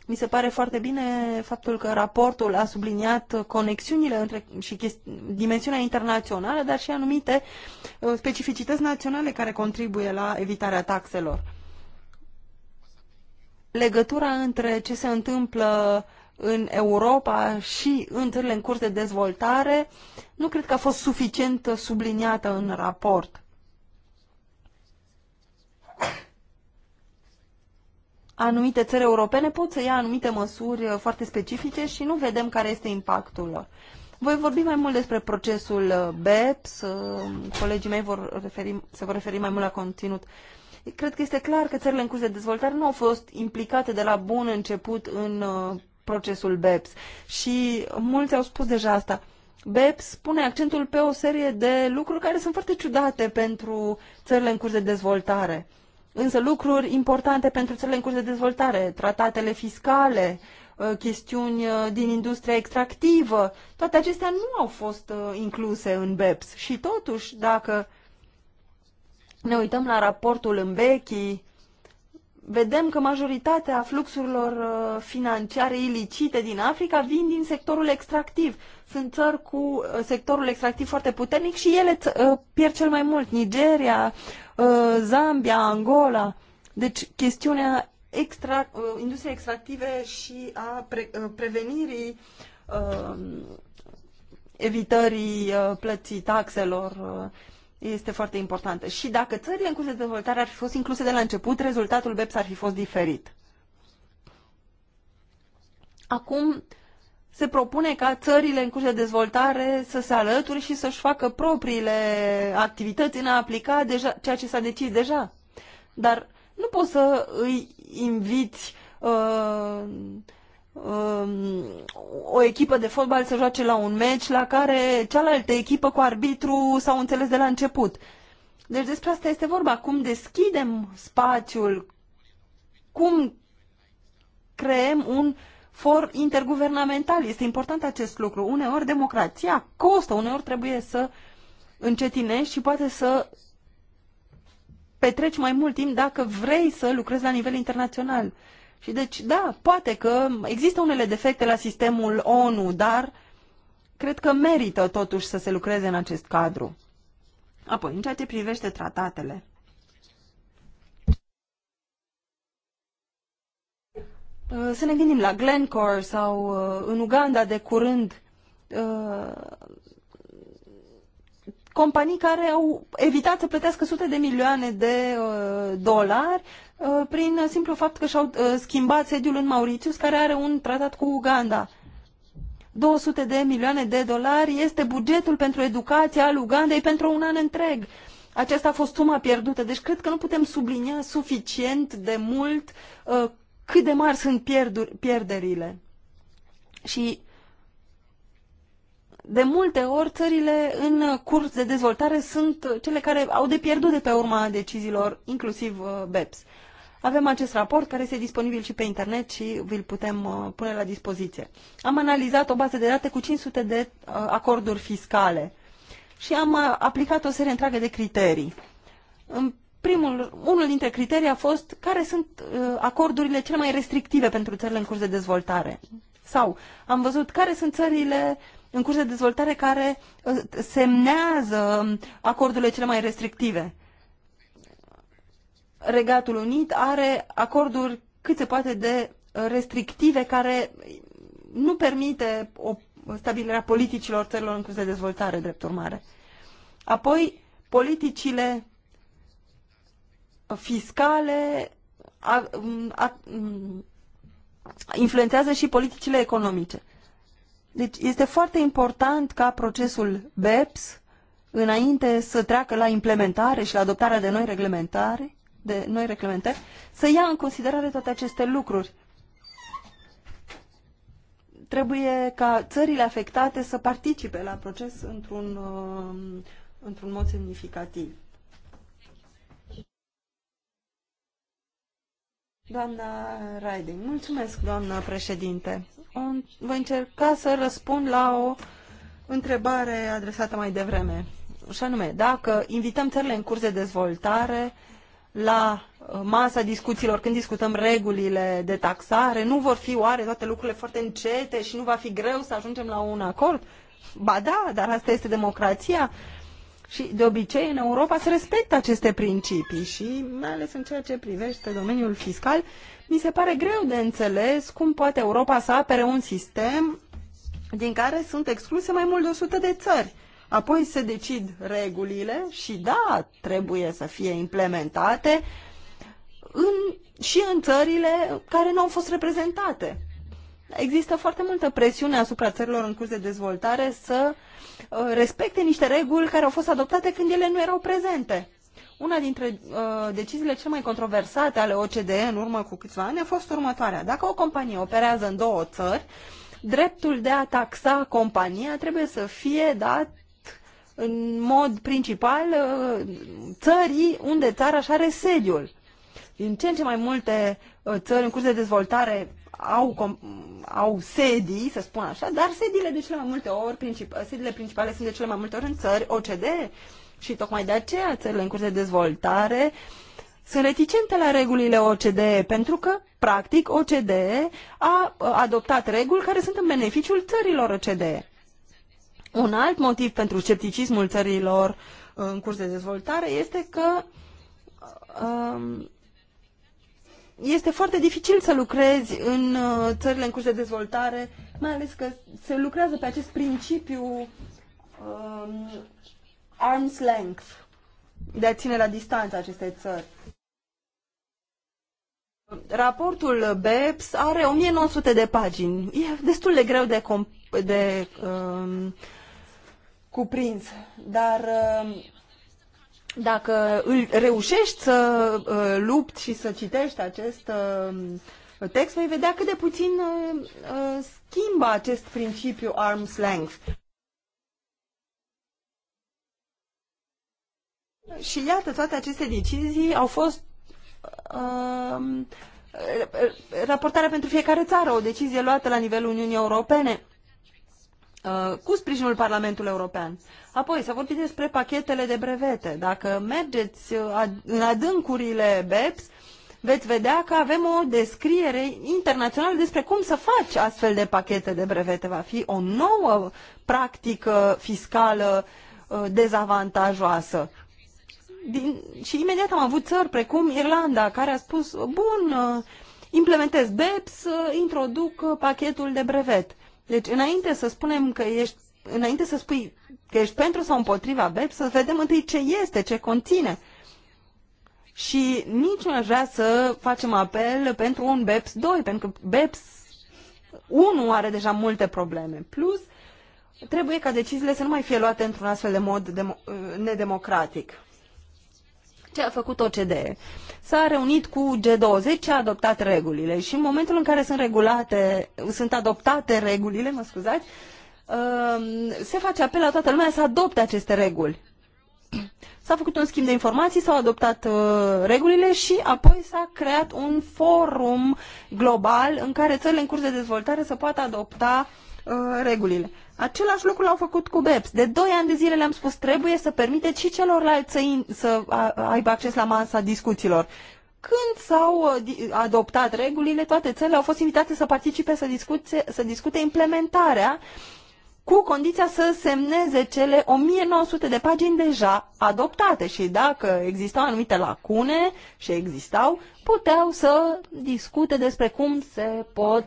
Mi se pare foarte bine faptul că raportul a subliniat conexiunile între și dimensiunea internațională, dar și anumite uh, specificități naționale care contribuie la evitarea taxelor. Legătura între ce se întâmplă uh, în Europa și în țările în curs de dezvoltare, nu cred că a fost suficient subliniată în raport. Anumite țări europene pot să ia anumite măsuri foarte specifice și nu vedem care este impactul lor. Voi vorbi mai mult despre procesul uh, BEPS, uh, colegii mei vor referi, se vor referi mai mult la conținut. Cred că este clar că țările în curs de dezvoltare nu au fost implicate de la bun început în uh, procesul BEPS. Și mulți au spus deja asta. BEPS pune accentul pe o serie de lucruri care sunt foarte ciudate pentru țările în curs de dezvoltare. Însă lucruri importante pentru țările în curs de dezvoltare, tratatele fiscale, ă, chestiuni ă, din industria extractivă, toate acestea nu au fost ă, incluse în BEPS. Și totuși, dacă ne uităm la raportul în Bechi vedem că majoritatea fluxurilor uh, financiare ilicite din Africa vin din sectorul extractiv. Sunt țări cu uh, sectorul extractiv foarte puternic și ele uh, pierd cel mai mult. Nigeria, Zambia, Angola. Deci chestiunea extra, industriei extractive și a pre, prevenirii evitării plății taxelor este foarte importantă. Și dacă țările în curs de dezvoltare ar fi fost incluse de la început, rezultatul BEPS ar fi fost diferit. Acum se propune ca țările în curs de dezvoltare să se alăture și să-și facă propriile activități în a aplica deja, ceea ce s-a decis deja. Dar nu poți să îi inviți uh, um, o echipă de fotbal să joace la un meci la care cealaltă echipă cu arbitru s-au înțeles de la început. Deci despre asta este vorba. Cum deschidem spațiul, cum creăm un for interguvernamental. Este important acest lucru. Uneori democrația costă, uneori trebuie să încetinești și poate să petreci mai mult timp dacă vrei să lucrezi la nivel internațional. Și deci, da, poate că există unele defecte la sistemul ONU, dar cred că merită totuși să se lucreze în acest cadru. Apoi, în ceea ce privește tratatele. Uh, să ne gândim la Glencore sau uh, în Uganda de curând uh, companii care au evitat să plătească sute de milioane de dolari Uh, prin simplu fapt că și-au uh, schimbat sediul în Mauritius, care are un tratat cu Uganda. 200 de milioane de dolari este bugetul pentru educația al Ugandei pentru un an întreg. Aceasta a fost suma pierdută, deci cred că nu putem sublinia suficient de mult uh, cât de mari sunt pierderile. Și de multe ori țările în curs de dezvoltare sunt cele care au de pierdut de pe urma deciziilor, inclusiv uh, BEPS. Avem acest raport care este disponibil și pe internet și vi-l putem uh, pune la dispoziție. Am analizat o bază de date cu 500 de uh, acorduri fiscale și am uh, aplicat o serie întreagă de criterii. În primul, unul dintre criterii a fost care sunt uh, acordurile cele mai restrictive pentru țările în curs de dezvoltare. Sau am văzut care sunt țările în curs de dezvoltare care uh, semnează acordurile cele mai restrictive. Regatul Unit are acorduri cât se poate de restrictive care nu permite o stabilirea politicilor țărilor în curs de dezvoltare, drept urmare. Apoi, politicile fiscale a, a, influențează și politicile economice. Deci este foarte important ca procesul BEPS, înainte să treacă la implementare și la adoptarea de noi reglementare, de noi reglementări, să ia în considerare toate aceste lucruri. Trebuie ca țările afectate să participe la proces într-un uh, într-un mod semnificativ. Doamna Riding, mulțumesc, doamna președinte. voi încerca să răspund la o întrebare adresată mai devreme. Și anume, dacă invităm țările în curs de dezvoltare la uh, masa discuțiilor, când discutăm regulile de taxare, nu vor fi oare toate lucrurile foarte încete și nu va fi greu să ajungem la un acord? Ba da, dar asta este democrația. Și de obicei în Europa se respectă aceste principii și mai ales în ceea ce privește domeniul fiscal, mi se pare greu de înțeles cum poate Europa să apere un sistem din care sunt excluse mai mult de 100 de țări apoi se decid regulile și da, trebuie să fie implementate în, și în țările care nu au fost reprezentate. Există foarte multă presiune asupra țărilor în curs de dezvoltare să uh, respecte niște reguli care au fost adoptate când ele nu erau prezente. Una dintre uh, deciziile cele mai controversate ale OCDE în urmă cu câțiva ani a fost următoarea. Dacă o companie operează în două țări, dreptul de a taxa compania trebuie să fie dat în mod principal uh, țării unde țara așa are sediul. Din ce în ce mai multe uh, țări în curs de dezvoltare au, au sedii, să spun așa, dar sediile de cele mai multe ori, princip- sediile principale sunt de cele mai multe ori în țări OCD și tocmai de aceea țările în curs de dezvoltare sunt reticente la regulile OCD pentru că, practic, OCD a uh, adoptat reguli care sunt în beneficiul țărilor OCDE. Un alt motiv pentru scepticismul țărilor uh, în curs de dezvoltare este că um, este foarte dificil să lucrezi în uh, țările în curs de dezvoltare, mai ales că se lucrează pe acest principiu um, arm's length, de a ține la distanță aceste țări. Raportul BEPS are 1900 de pagini. E destul de greu de, de um, cuprins, dar uh, dacă îl reușești să uh, lupți și să citești acest uh, text, vei vedea cât de puțin schimbă acest principiu arm's length. Și iată, toate aceste decizii au fost uh, raportarea pentru fiecare țară, o decizie luată la nivelul Uniunii Europene. Uh, cu sprijinul Parlamentului European. Apoi, să vorbim despre pachetele de brevete. Dacă mergeți uh, în adâncurile BEPS, veți vedea că avem o descriere internațională despre cum să faci astfel de pachete de brevete. Va fi o nouă practică fiscală uh, dezavantajoasă. Din, și imediat am avut țări precum Irlanda, care a spus, bun, implementez BEPS, introduc pachetul de brevet. Deci, înainte să spunem că ești, înainte să spui că ești pentru sau împotriva BEPS, să vedem întâi ce este, ce conține. Și nici nu aș vrea să facem apel pentru un BEPS 2, pentru că BEPS 1 are deja multe probleme. Plus, trebuie ca deciziile să nu mai fie luate într-un astfel de mod nedemocratic ce a făcut OCDE. S-a reunit cu G20 și a adoptat regulile și în momentul în care sunt, regulate, sunt adoptate regulile, mă scuzați, um, se face apel la toată lumea să adopte aceste reguli. *clears throat* S-a făcut un schimb de informații, s-au adoptat uh, regulile și apoi s-a creat un forum global în care țările în curs de dezvoltare să poată adopta uh, Uh, regulile. Același lucru l-au făcut cu BEPS. De 2 ani de zile le-am spus, trebuie să permiteți și celorlalți să, in, să aibă acces la masa discuțiilor. Când s-au uh, adoptat regulile, toate țările au fost invitate să participe, să discute, să discute implementarea cu condiția să semneze cele 1900 de pagini deja adoptate și dacă existau anumite lacune și existau, puteau să discute despre cum se pot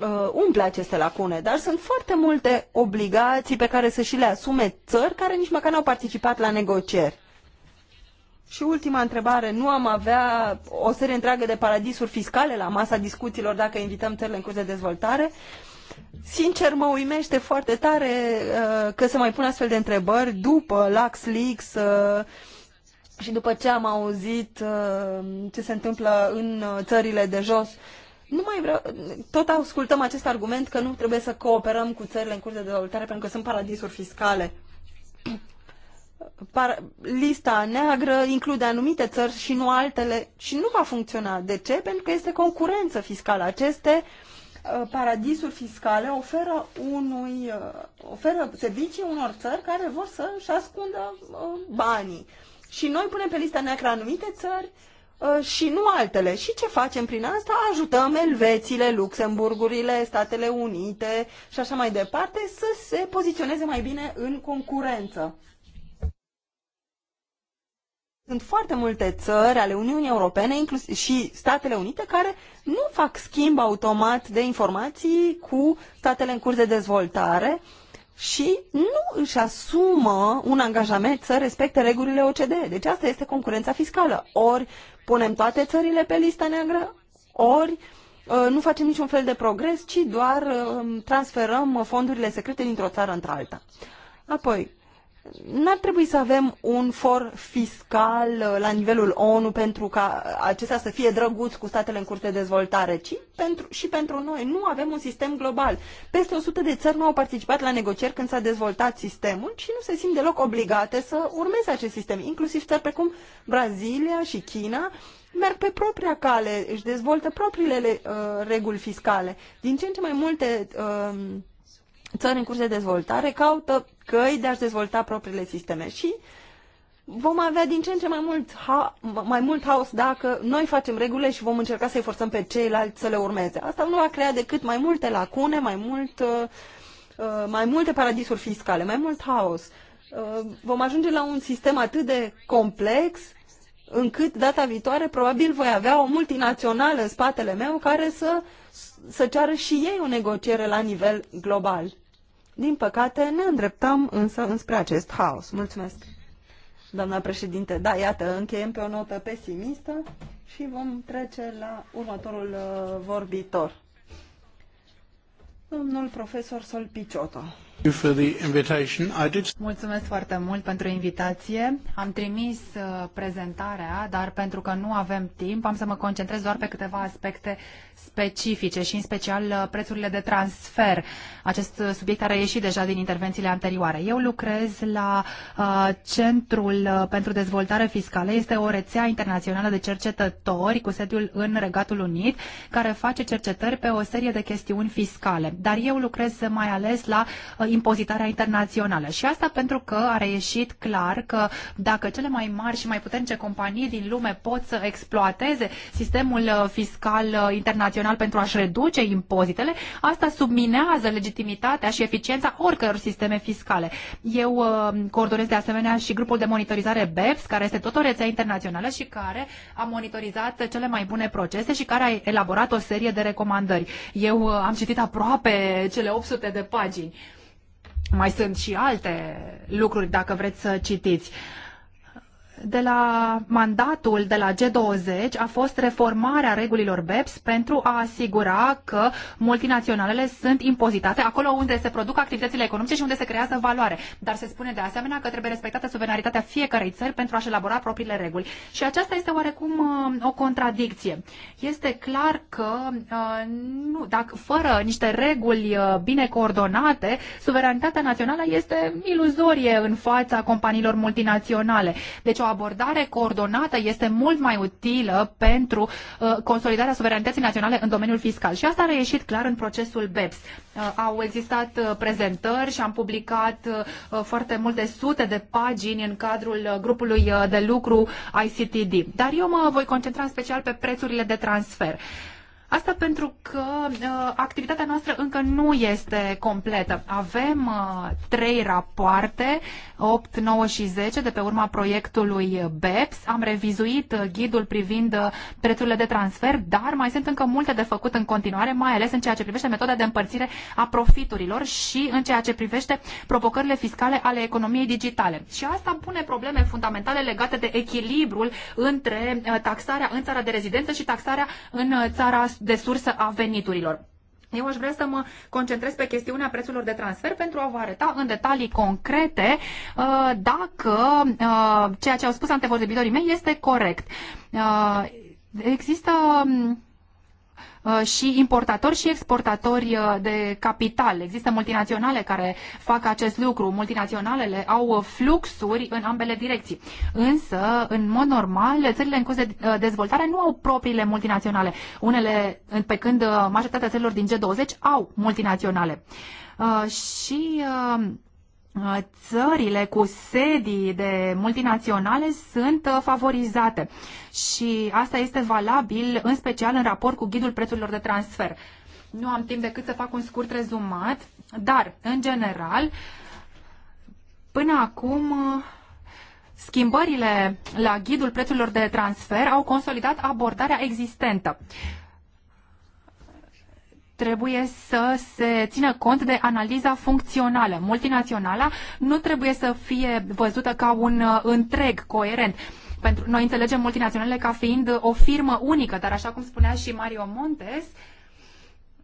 uh, umple aceste lacune, dar sunt foarte multe obligații pe care să și le asume țări care nici măcar n-au participat la negocieri. Și ultima întrebare, nu am avea o serie întreagă de paradisuri fiscale la masa discuțiilor dacă invităm țările în curs de dezvoltare? Sincer, mă uimește foarte tare uh, că se mai pun astfel de întrebări după LuxLeaks uh, și după ce am auzit uh, ce se întâmplă în uh, țările de jos uh, nu mai vreau, tot ascultăm acest argument că nu trebuie să cooperăm cu țările în curs de dezvoltare pentru că sunt paradisuri fiscale. Par, lista neagră include anumite țări și nu altele și nu va funcționa. De ce? Pentru că este concurență fiscală. Aceste uh, paradisuri fiscale oferă, unui, uh, oferă servicii unor țări care vor să-și ascundă uh, banii. Și noi punem pe lista neagră anumite țări Uh, și nu altele. Și ce facem prin asta? Ajutăm elvețile, Luxemburgurile, Statele Unite și așa mai departe să se poziționeze mai bine în concurență. Sunt foarte multe țări ale Uniunii Europene inclusiv, și Statele Unite care nu fac schimb automat de informații cu statele în curs de dezvoltare și nu își asumă un angajament să respecte regulile OCDE. Deci asta este concurența fiscală. Ori punem toate țările pe lista neagră, ori uh, nu facem niciun fel de progres, ci doar uh, transferăm fondurile secrete dintr-o țară într-alta. Apoi, N-ar trebui să avem un for fiscal uh, la nivelul ONU pentru ca acesta să fie drăguț cu statele în curs de dezvoltare, ci pentru, și pentru noi. Nu avem un sistem global. Peste 100 de țări nu au participat la negocieri când s-a dezvoltat sistemul și nu se simt deloc obligate să urmeze acest sistem. Inclusiv țări precum Brazilia și China merg pe propria cale, își dezvoltă propriile uh, reguli fiscale. Din ce în ce mai multe uh, țări în curs de dezvoltare caută căi de a-și dezvolta propriile sisteme și vom avea din ce în ce mai mult, ha- mai mult haos dacă noi facem regulile și vom încerca să-i forțăm pe ceilalți să le urmeze. Asta nu va crea decât mai multe lacune, mai, mult, uh, uh, mai multe paradisuri fiscale, mai mult haos. Uh, vom ajunge la un sistem atât de complex încât data viitoare probabil voi avea o multinațională în spatele meu care să, să ceară și ei o negociere la nivel global. Din păcate, ne îndreptăm însă înspre acest haos. Mulțumesc! Doamna președinte, da, iată, încheiem pe o notă pesimistă și vom trece la următorul uh, vorbitor. Domnul profesor Solpicioto. Mulțumesc foarte mult pentru invitație. Am trimis uh, prezentarea, dar pentru că nu avem timp, am să mă concentrez doar pe câteva aspecte specifice și în special uh, prețurile de transfer. Acest uh, subiect a ieșit deja din intervențiile anterioare. Eu lucrez la Centrul pentru Dezvoltare Fiscală. Este o rețea internațională de cercetători cu sediul în Regatul Unit care face cercetări pe o serie de chestiuni fiscale. Dar eu lucrez mai ales la impozitarea internațională. Și asta pentru că a reieșit clar că dacă cele mai mari și mai puternice companii din lume pot să exploateze sistemul uh, fiscal uh, internațional pentru a-și reduce impozitele, asta subminează legitimitatea și eficiența oricăror sisteme fiscale. Eu uh, coordonez de asemenea și grupul de monitorizare BEPS, care este tot o rețea internațională și care a monitorizat cele mai bune procese și care a elaborat o serie de recomandări. Eu am citit aproape cele 800 de pagini. Mai sunt și alte lucruri, dacă vreți să citiți de la mandatul de la G20 a fost reformarea regulilor BEPS pentru a asigura că multinaționalele sunt impozitate acolo unde se produc activitățile economice și unde se creează valoare. Dar se spune de asemenea că trebuie respectată suveranitatea fiecarei țări pentru a-și elabora propriile reguli. Și aceasta este oarecum uh, o contradicție. Este clar că uh, nu, dacă, fără niște reguli uh, bine coordonate, suveranitatea națională este iluzorie în fața companiilor multinaționale. Deci o abordare coordonată este mult mai utilă pentru uh, consolidarea suveranității naționale în domeniul fiscal. Și asta a reieșit clar în procesul BEPS. Uh, au existat uh, prezentări și am publicat foarte multe sute de pagini în cadrul grupului de lucru ICTD. Dar eu mă voi concentra în special pe prețurile de transfer. Asta pentru că uh, activitatea noastră încă nu este completă. Avem uh, trei rapoarte, 8, 9 și 10, de pe urma proiectului BEPS. Am revizuit uh, ghidul privind uh, prețurile de transfer, dar mai sunt încă multe de făcut în continuare, mai ales în ceea ce privește metoda de împărțire a profiturilor și în ceea ce privește provocările fiscale ale economiei digitale. Și asta pune probleme fundamentale legate de echilibrul între uh, taxarea în țara de rezidență și taxarea în uh, țara de sursă a veniturilor. Eu aș vrea să mă concentrez pe chestiunea prețurilor de transfer pentru a vă arăta în detalii concrete uh, dacă uh, ceea ce au spus antevorbitorii mei este corect. Uh, există um, Uh, și importatori și exportatori uh, de capital. Există multinaționale care fac acest lucru. Multinaționalele au fluxuri în ambele direcții. Însă, în mod normal, țările în curs de uh, dezvoltare nu au propriile multinaționale. Unele, pe când majoritatea țărilor din G20 au multinaționale. Și Uh, țările cu sedii de multinaționale sunt uh, favorizate și asta este valabil în special în raport cu ghidul prețurilor de transfer. Nu am timp decât să fac un scurt rezumat, dar în general până acum uh, Schimbările la ghidul prețurilor de transfer au consolidat abordarea existentă trebuie să se țină cont de analiza funcțională. Multinaționala nu trebuie să fie văzută ca un uh, întreg coerent. Pentru, noi înțelegem multinaționale ca fiind o firmă unică, dar așa cum spunea și Mario Montes, uh,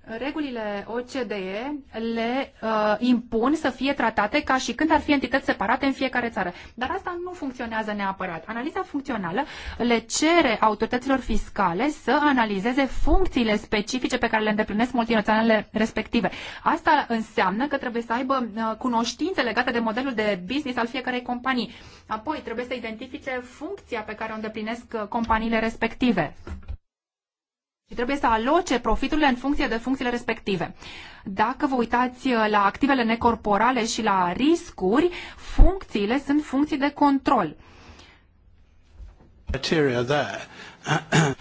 Regulile OCDE le uh, impun să fie tratate ca și când ar fi entități separate în fiecare țară. Dar asta nu funcționează neapărat. Analiza funcțională le cere autorităților fiscale să analizeze funcțiile specifice pe care le îndeplinesc multinaționalele respective. Asta înseamnă că trebuie să aibă uh, cunoștințe legate de modelul de business al fiecarei companii. Apoi trebuie să identifice funcția pe care o îndeplinesc uh, companiile respective și trebuie să aloce profiturile în funcție de funcțiile respective. Dacă vă uitați uh, la activele necorporale și la riscuri, funcțiile sunt funcții de control. Criteria there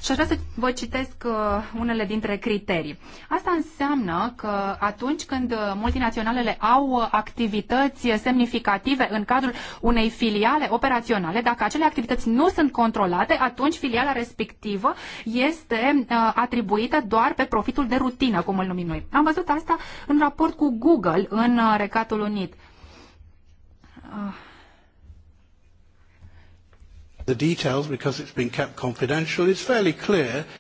și aș vrea să vă citesc uh, unele dintre criterii. Asta înseamnă că atunci când multinaționalele au uh, activități semnificative în cadrul unei filiale operaționale, dacă acele activități nu sunt controlate, atunci filiala respectivă este uh, atribuită doar pe profitul de rutină, cum îl numim noi. Am văzut asta în raport cu Google în Recatul Unit.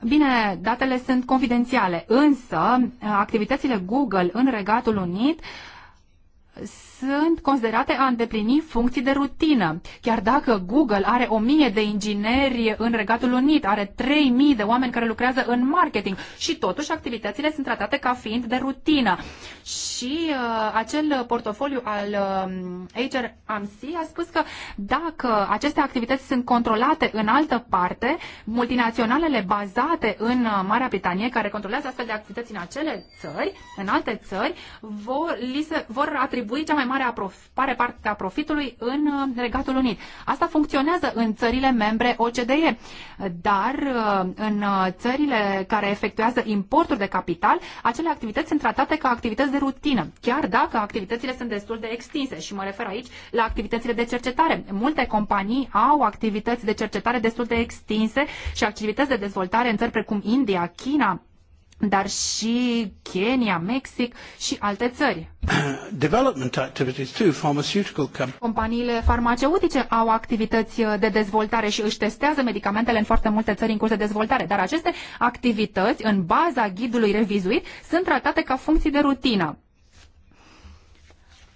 Bine, datele sunt confidențiale, însă activitățile Google în Regatul Unit sunt considerate a îndeplini funcții de rutină. Chiar dacă Google are o mie de ingineri în Regatul Unit, are 3000 de oameni care lucrează în marketing și totuși activitățile sunt tratate ca fiind de rutină. Și uh, acel portofoliu al uh, um, HRMC a spus că dacă aceste activități sunt controlate în altă parte, multinaționalele bazate în uh, Marea Britanie, care controlează astfel de activități în acele țări, în alte țări, vor, li se, vor atribui cea mai mare pare parte a profitului în uh, Regatul Unit. Asta funcționează în țările membre OCDE, dar uh, în uh, țările care efectuează importuri de capital, acele activități sunt tratate ca activități de rutină, chiar dacă activitățile sunt destul de extinse și mă refer aici la activitățile de cercetare. Multe companii au activități de cercetare destul de extinse și activități de dezvoltare în țări precum India, China, dar și Kenya, Mexic și alte țări. *coughs* Development activities pharmaceutical companies. Companiile farmaceutice au activități de dezvoltare și își testează medicamentele în foarte multe țări în curs de dezvoltare, dar aceste activități, în baza ghidului revizuit, sunt tratate ca funcții de rutină.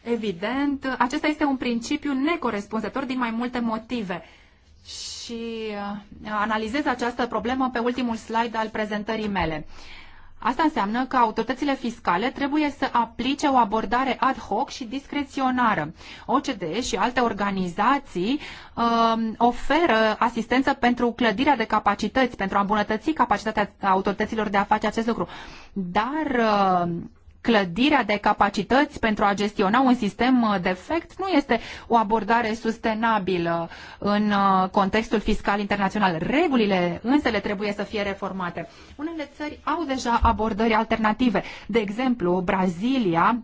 Evident, acesta este un principiu necorespunzător din mai multe motive și uh, analizez această problemă pe ultimul slide al prezentării mele. Asta înseamnă că autoritățile fiscale trebuie să aplice o abordare ad hoc și discreționară. OCDE și alte organizații uh, oferă asistență pentru clădirea de capacități, pentru a îmbunătăți capacitatea autorităților de a face acest lucru. Dar uh, clădirea de capacități pentru a gestiona un sistem uh, defect nu este o abordare sustenabilă în uh, contextul fiscal internațional. Regulile însă le trebuie să fie reformate. Unele țări au deja abordări alternative. De exemplu, Brazilia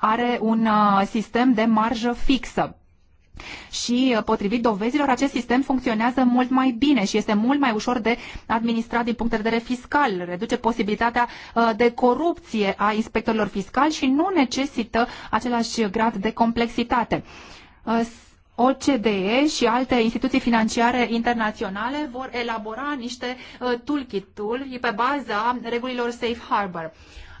are un uh, sistem de marjă fixă și uh, potrivit dovezilor acest sistem funcționează mult mai bine și este mult mai ușor de administrat din punct de vedere fiscal, reduce posibilitatea uh, de corupție a inspectorilor fiscali și nu necesită același grad de complexitate. Uh, OCDE și alte instituții financiare internaționale vor elabora niște toolkit-uri pe baza regulilor Safe Harbor.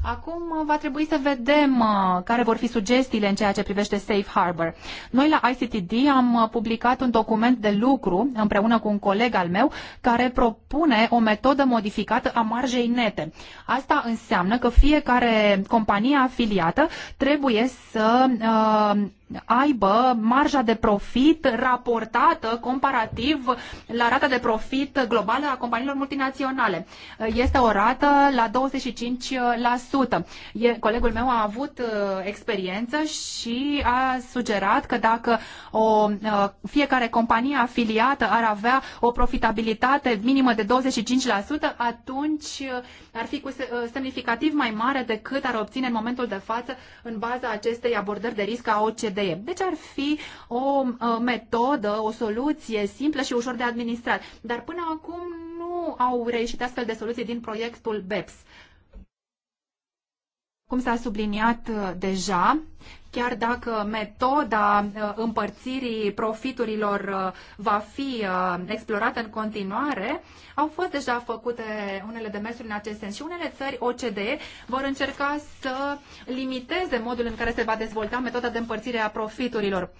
Acum uh, va trebui să vedem uh, care vor fi sugestiile în ceea ce privește Safe Harbor. Noi la ICTD am uh, publicat un document de lucru împreună cu un coleg al meu care propune o metodă modificată a marjei nete. Asta înseamnă că fiecare companie afiliată trebuie să uh, aibă marja de profit raportată comparativ la rata de profit globală a companiilor multinaționale. Este o rată la 25%. colegul meu a avut uh, experiență și a sugerat că dacă o, uh, fiecare companie afiliată ar avea o profitabilitate minimă de 25%, atunci uh, ar fi cu semnificativ mai mare decât ar obține în momentul de față în baza acestei abordări de risc a OCD idee. Deci ar fi o uh, metodă, o soluție simplă și ușor de administrat. Dar până acum nu au reușit astfel de soluții din proiectul BEPS. Cum s-a subliniat uh, deja, chiar dacă metoda uh, împărțirii profiturilor uh, va fi uh, explorată în continuare, au fost deja făcute unele demersuri în acest sens și unele țări OCDE vor încerca să limiteze modul în care se va dezvolta metoda de împărțire a profiturilor.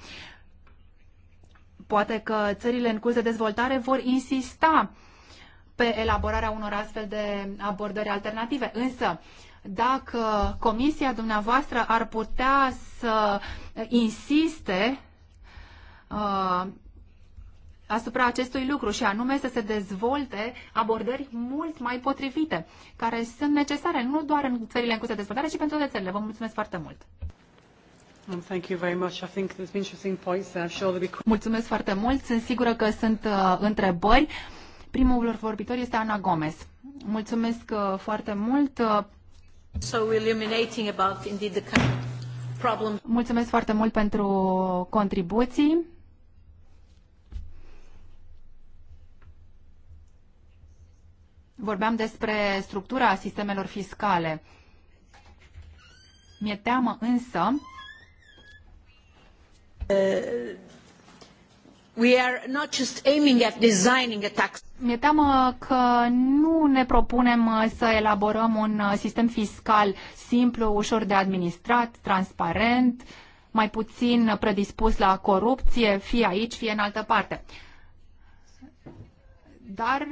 Poate că țările în curs de dezvoltare vor insista pe elaborarea unor astfel de abordări alternative. Însă, dacă comisia dumneavoastră ar putea să insiste uh, asupra acestui lucru și anume să se dezvolte abordări mult mai potrivite, care sunt necesare nu doar în țările în curs de dezvoltare, ci pentru toate țările. Vă mulțumesc foarte mult! Um, mulțumesc foarte mult. Sunt sigură că sunt uh, întrebări. Primul vorbitor este Ana Gomez. Mulțumesc uh, foarte mult. Uh, Mulțumesc foarte mult pentru contribuții. Vorbeam despre structura sistemelor fiscale. Mi-e teamă însă eh, We Mi-e teamă că nu ne propunem uh, să elaborăm un uh, sistem fiscal simplu, ușor de administrat, transparent, mai puțin predispus la corupție, fie aici, fie în altă parte. Dar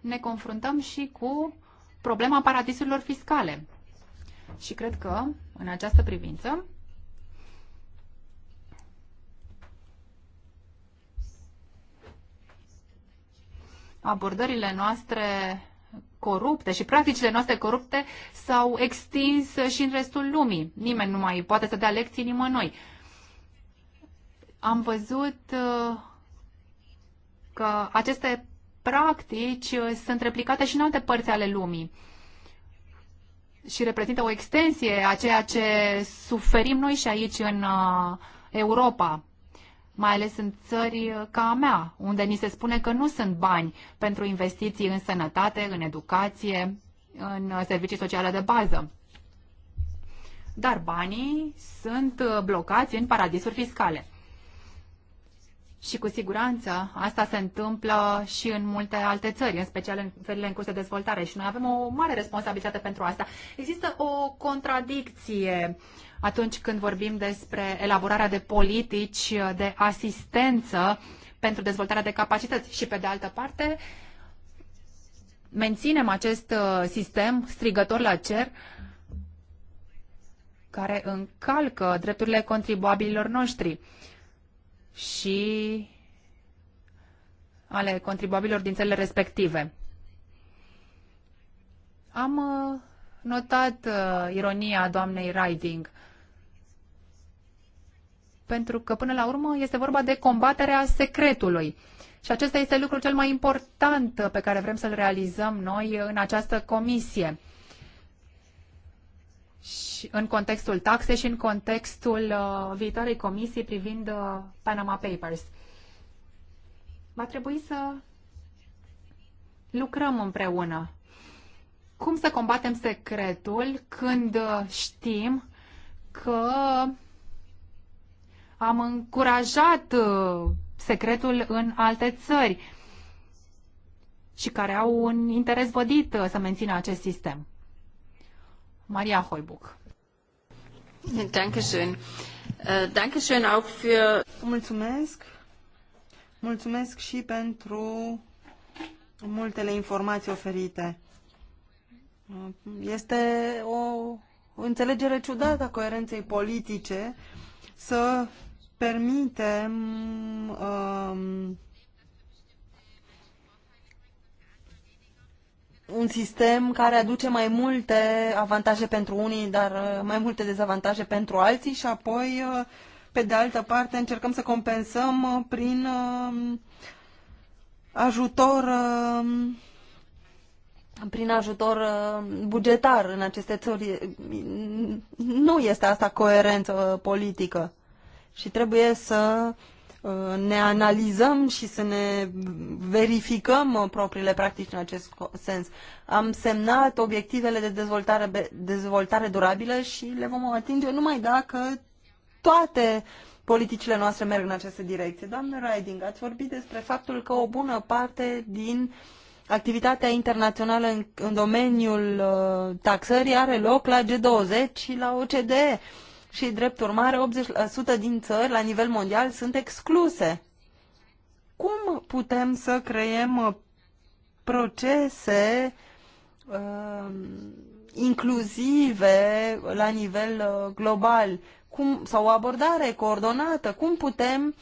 ne confruntăm și cu problema paradisurilor fiscale. Și cred că, în această privință, abordările noastre corupte și practicile noastre corupte s-au extins și în restul lumii. Nimeni nu mai poate să dea lecții nimănui. Am văzut uh, că aceste practici uh, sunt replicate și în alte părți ale lumii și reprezintă o extensie a ceea ce suferim noi și aici în uh, Europa mai ales în țări uh, ca a mea, unde ni se spune că nu sunt bani pentru investiții în sănătate, în educație, în uh, servicii sociale de bază. Dar banii sunt uh, blocați în paradisuri fiscale. Și cu siguranță asta se întâmplă și în multe alte țări, în special în țările în curs de dezvoltare și noi avem o mare responsabilitate pentru asta. Există o contradicție atunci când vorbim despre elaborarea de politici de asistență pentru dezvoltarea de capacități și pe de altă parte menținem acest uh, sistem strigător la cer care încalcă drepturile contribuabililor noștri și ale contribuabilor din țările respective. Am uh, notat uh, ironia doamnei Riding, pentru că până la urmă este vorba de combaterea secretului. Și acesta este lucrul cel mai important pe care vrem să-l realizăm noi în această comisie și în contextul taxe și în contextul uh, viitoarei comisii privind uh, Panama Papers. Va trebui să lucrăm împreună. Cum să combatem secretul când uh, știm că am încurajat uh, secretul în alte țări și care au un interes vădit uh, să mențină acest sistem? Maria Hoibuc. Dankeschön. Äh, Dankeschön auch für... Mulțumesc. Mulțumesc și pentru multele informații oferite. Este o înțelegere ciudată a coerenței politice să permitem um, un sistem care aduce mai multe avantaje pentru unii, dar uh, mai multe dezavantaje pentru alții și apoi, uh, pe de altă parte, încercăm să compensăm uh, prin ajutor prin ajutor bugetar în aceste țări. Nu este asta coerență politică și trebuie să Uh, ne analizăm și să ne verificăm uh, propriile practici în acest sens. Am semnat obiectivele de dezvoltare, dezvoltare durabilă și le vom atinge numai dacă toate politicile noastre merg în această direcție. Doamnă Riding, ați vorbit despre faptul că o bună parte din activitatea internațională în, în domeniul uh, taxării are loc la G20 și la OCDE și, drept urmare, 80% din țări la nivel mondial sunt excluse. Cum putem să creăm uh, procese uh, inclusive la nivel uh, global cum, sau o abordare coordonată? Cum putem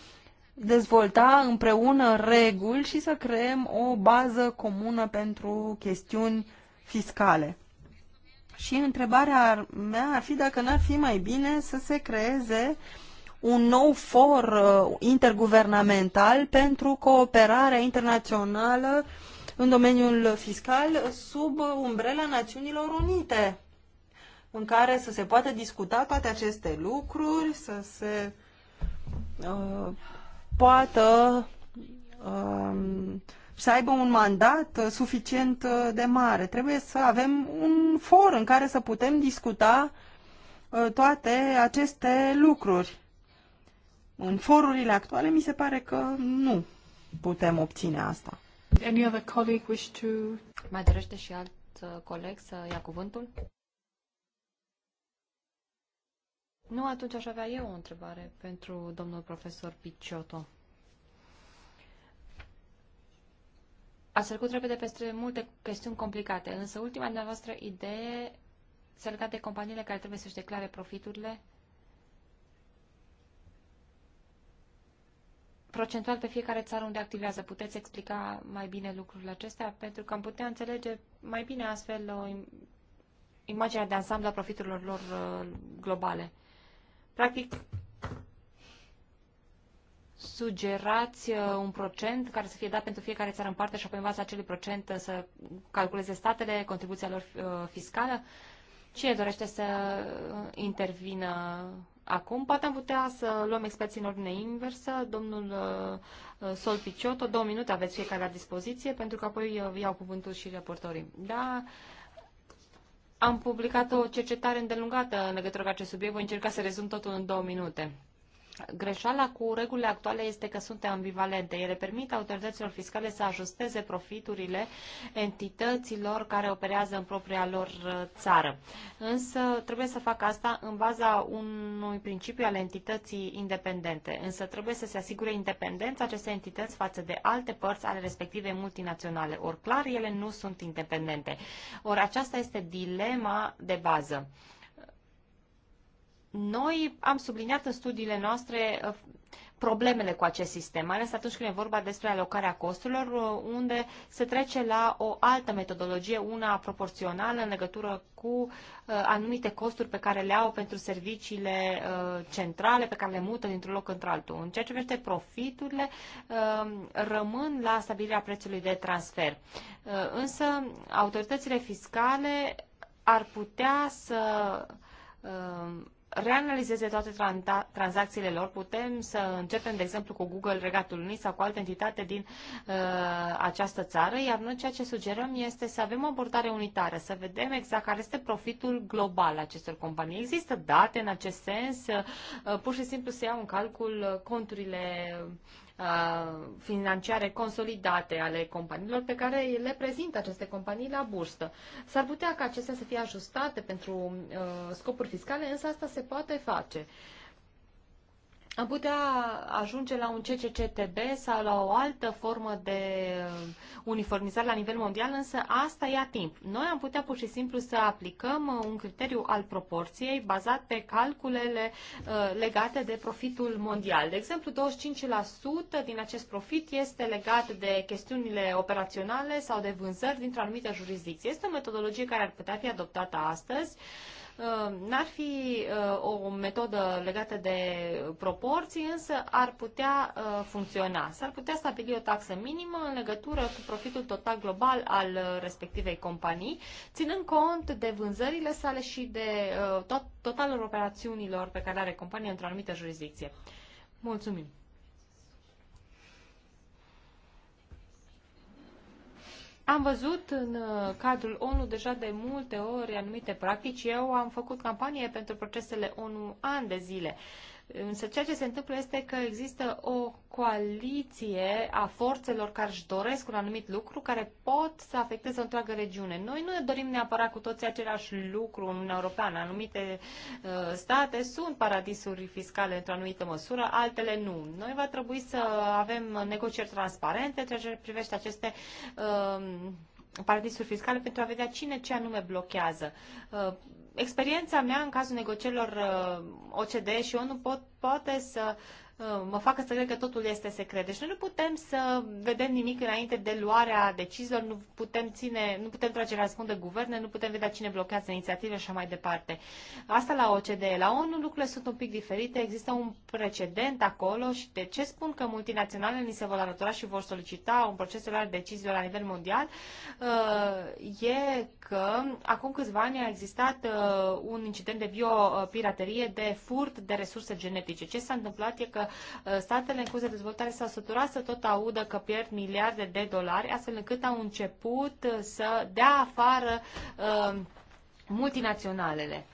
dezvolta împreună reguli și să creăm o bază comună pentru chestiuni fiscale? Și întrebarea mea ar fi dacă n-ar fi mai bine să se creeze un nou for uh, interguvernamental pentru cooperarea internațională în domeniul fiscal sub umbrela Națiunilor Unite, în care să se poată discuta toate aceste lucruri, să se uh, poată uh, să aibă un mandat uh, suficient uh, de mare. Trebuie să avem un for în care să putem discuta uh, toate aceste lucruri. În forurile actuale mi se pare că nu putem obține asta. Any other colleague wish to... Mai dorește și alt coleg să ia cuvântul? Nu, atunci aș avea eu o întrebare pentru domnul profesor Picciotto. Ați trecut repede peste multe chestiuni complicate, însă ultima dumneavoastră idee se legat de companiile care trebuie să-și declare profiturile procentual pe fiecare țară unde activează. Puteți explica mai bine lucrurile acestea? Pentru că am putea înțelege mai bine astfel o imaginea de ansamblu a profiturilor lor uh, globale. Practic, sugerați uh, un procent care să fie dat pentru fiecare țară în parte și apoi în baza acelui procent uh, să calculeze statele, contribuția lor uh, fiscală? Cine dorește să intervină acum? Poate am putea să luăm experții în ordine inversă. Domnul Sol Picioto, două minute aveți fiecare la dispoziție, pentru că apoi iau cuvântul și reportorii. Da, am publicat o cercetare îndelungată în legătură cu acest subiect. Voi încerca să rezum totul în două minute. Greșeala cu regulile actuale este că sunt ambivalente. Ele permit autorităților fiscale să ajusteze profiturile entităților care operează în propria lor uh, țară. Însă trebuie să facă asta în baza unui principiu al entității independente. Însă trebuie să se asigure independența acestei entități față de alte părți ale respective multinaționale. Ori clar, ele nu sunt independente. Ori aceasta este dilema de bază. Noi am subliniat în studiile noastre uh, problemele cu acest sistem, mai ales atunci când e vorba despre alocarea costurilor, uh, unde se trece la o altă metodologie, una proporțională în legătură cu uh, anumite costuri pe care le au pentru serviciile centrale, pe care le mută dintr-un loc într-altul. În ceea ce privește profiturile, rămân la stabilirea prețului de transfer. Însă, autoritățile fiscale ar putea să reanalizeze toate tran- tranzacțiile lor. Putem să începem, de exemplu, cu Google Regatul Unit sau cu altă entitate din uh, această țară, iar noi ceea ce sugerăm este să avem o abordare unitară, să vedem exact care este profitul global acestor companii. Există date în acest sens, uh, pur și simplu se iau în calcul uh, conturile uh, Uh, financiare consolidate ale companiilor pe care le prezintă aceste companii la bursă. S-ar putea ca acestea să fie ajustate pentru uh, scopuri fiscale, însă asta se poate face am putea ajunge la un CCCTB sau la o altă formă de uh, uniformizare la nivel mondial, însă asta ia timp. Noi am putea pur și simplu să aplicăm uh, un criteriu al proporției bazat pe calculele uh, legate de profitul mondial. De exemplu, 25% din acest profit este legat de chestiunile operaționale sau de vânzări dintr-o anumită jurisdicție. Este o metodologie care ar putea fi adoptată astăzi. Uh, n-ar fi uh, o metodă legată de proporții, însă ar putea uh, funcționa. S-ar putea stabili o taxă minimă în legătură cu profitul total global al respectivei companii, ținând cont de vânzările sale și de tot, totalul operațiunilor pe care le are compania într-o anumită jurisdicție. Mulțumim! Am văzut în uh, cadrul ONU deja de multe ori anumite practici. Eu am făcut campanie pentru procesele ONU ani de zile. Însă ceea ce se întâmplă este că există o coaliție a forțelor care își doresc un anumit lucru, care pot să afecteze o întreagă regiune. Noi nu ne dorim neapărat cu toții același lucru în Uniunea Europeană. Anumite uh, state sunt paradisuri fiscale într-o anumită măsură, altele nu. Noi va trebui să avem negocieri transparente ceea ce privește aceste uh, paradisuri fiscale pentru a vedea cine ce anume blochează. Uh, experiența mea în cazul negocierilor uh, OCD și ONU pot, poate să uh, mă facă să cred că totul este secret. Deci noi nu putem să vedem nimic înainte de luarea deciziilor, nu putem ține, nu putem trage răspunde guverne, nu putem vedea cine blochează inițiative și așa mai departe. Asta la OCDE. La ONU lucrurile sunt un pic diferite, există un precedent acolo și de ce spun că multinaționale ni se vor alătura și vor solicita un proces de luare deciziilor la nivel mondial, uh, e că acum câțiva ani a existat uh, un incident de biopiraterie, de furt de resurse genetice. Ce s-a întâmplat e că uh, statele în curs de dezvoltare s-au săturat să tot audă că pierd miliarde de dolari, astfel încât au început uh, să dea afară uh, multinaționalele.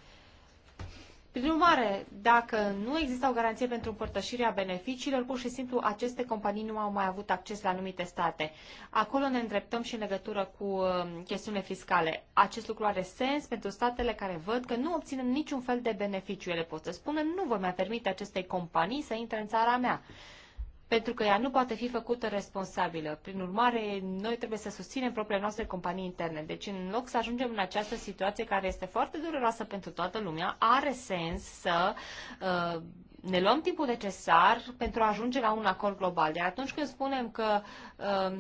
Prin urmare, dacă nu exista o garanție pentru împărtășirea beneficiilor, pur și simplu aceste companii nu au mai avut acces la anumite state. Acolo ne îndreptăm și în legătură cu um, chestiunile fiscale. Acest lucru are sens pentru statele care văd că nu obținem niciun fel de beneficiu. Ele pot să spună, nu voi mai permite acestei companii să intre în țara mea pentru că ea nu poate fi făcută responsabilă. Prin urmare, noi trebuie să susținem propriile noastre companii interne. Deci, în loc să ajungem în această situație care este foarte dureroasă pentru toată lumea, are sens să uh, ne luăm timpul necesar pentru a ajunge la un acord global. Iar atunci când spunem că uh,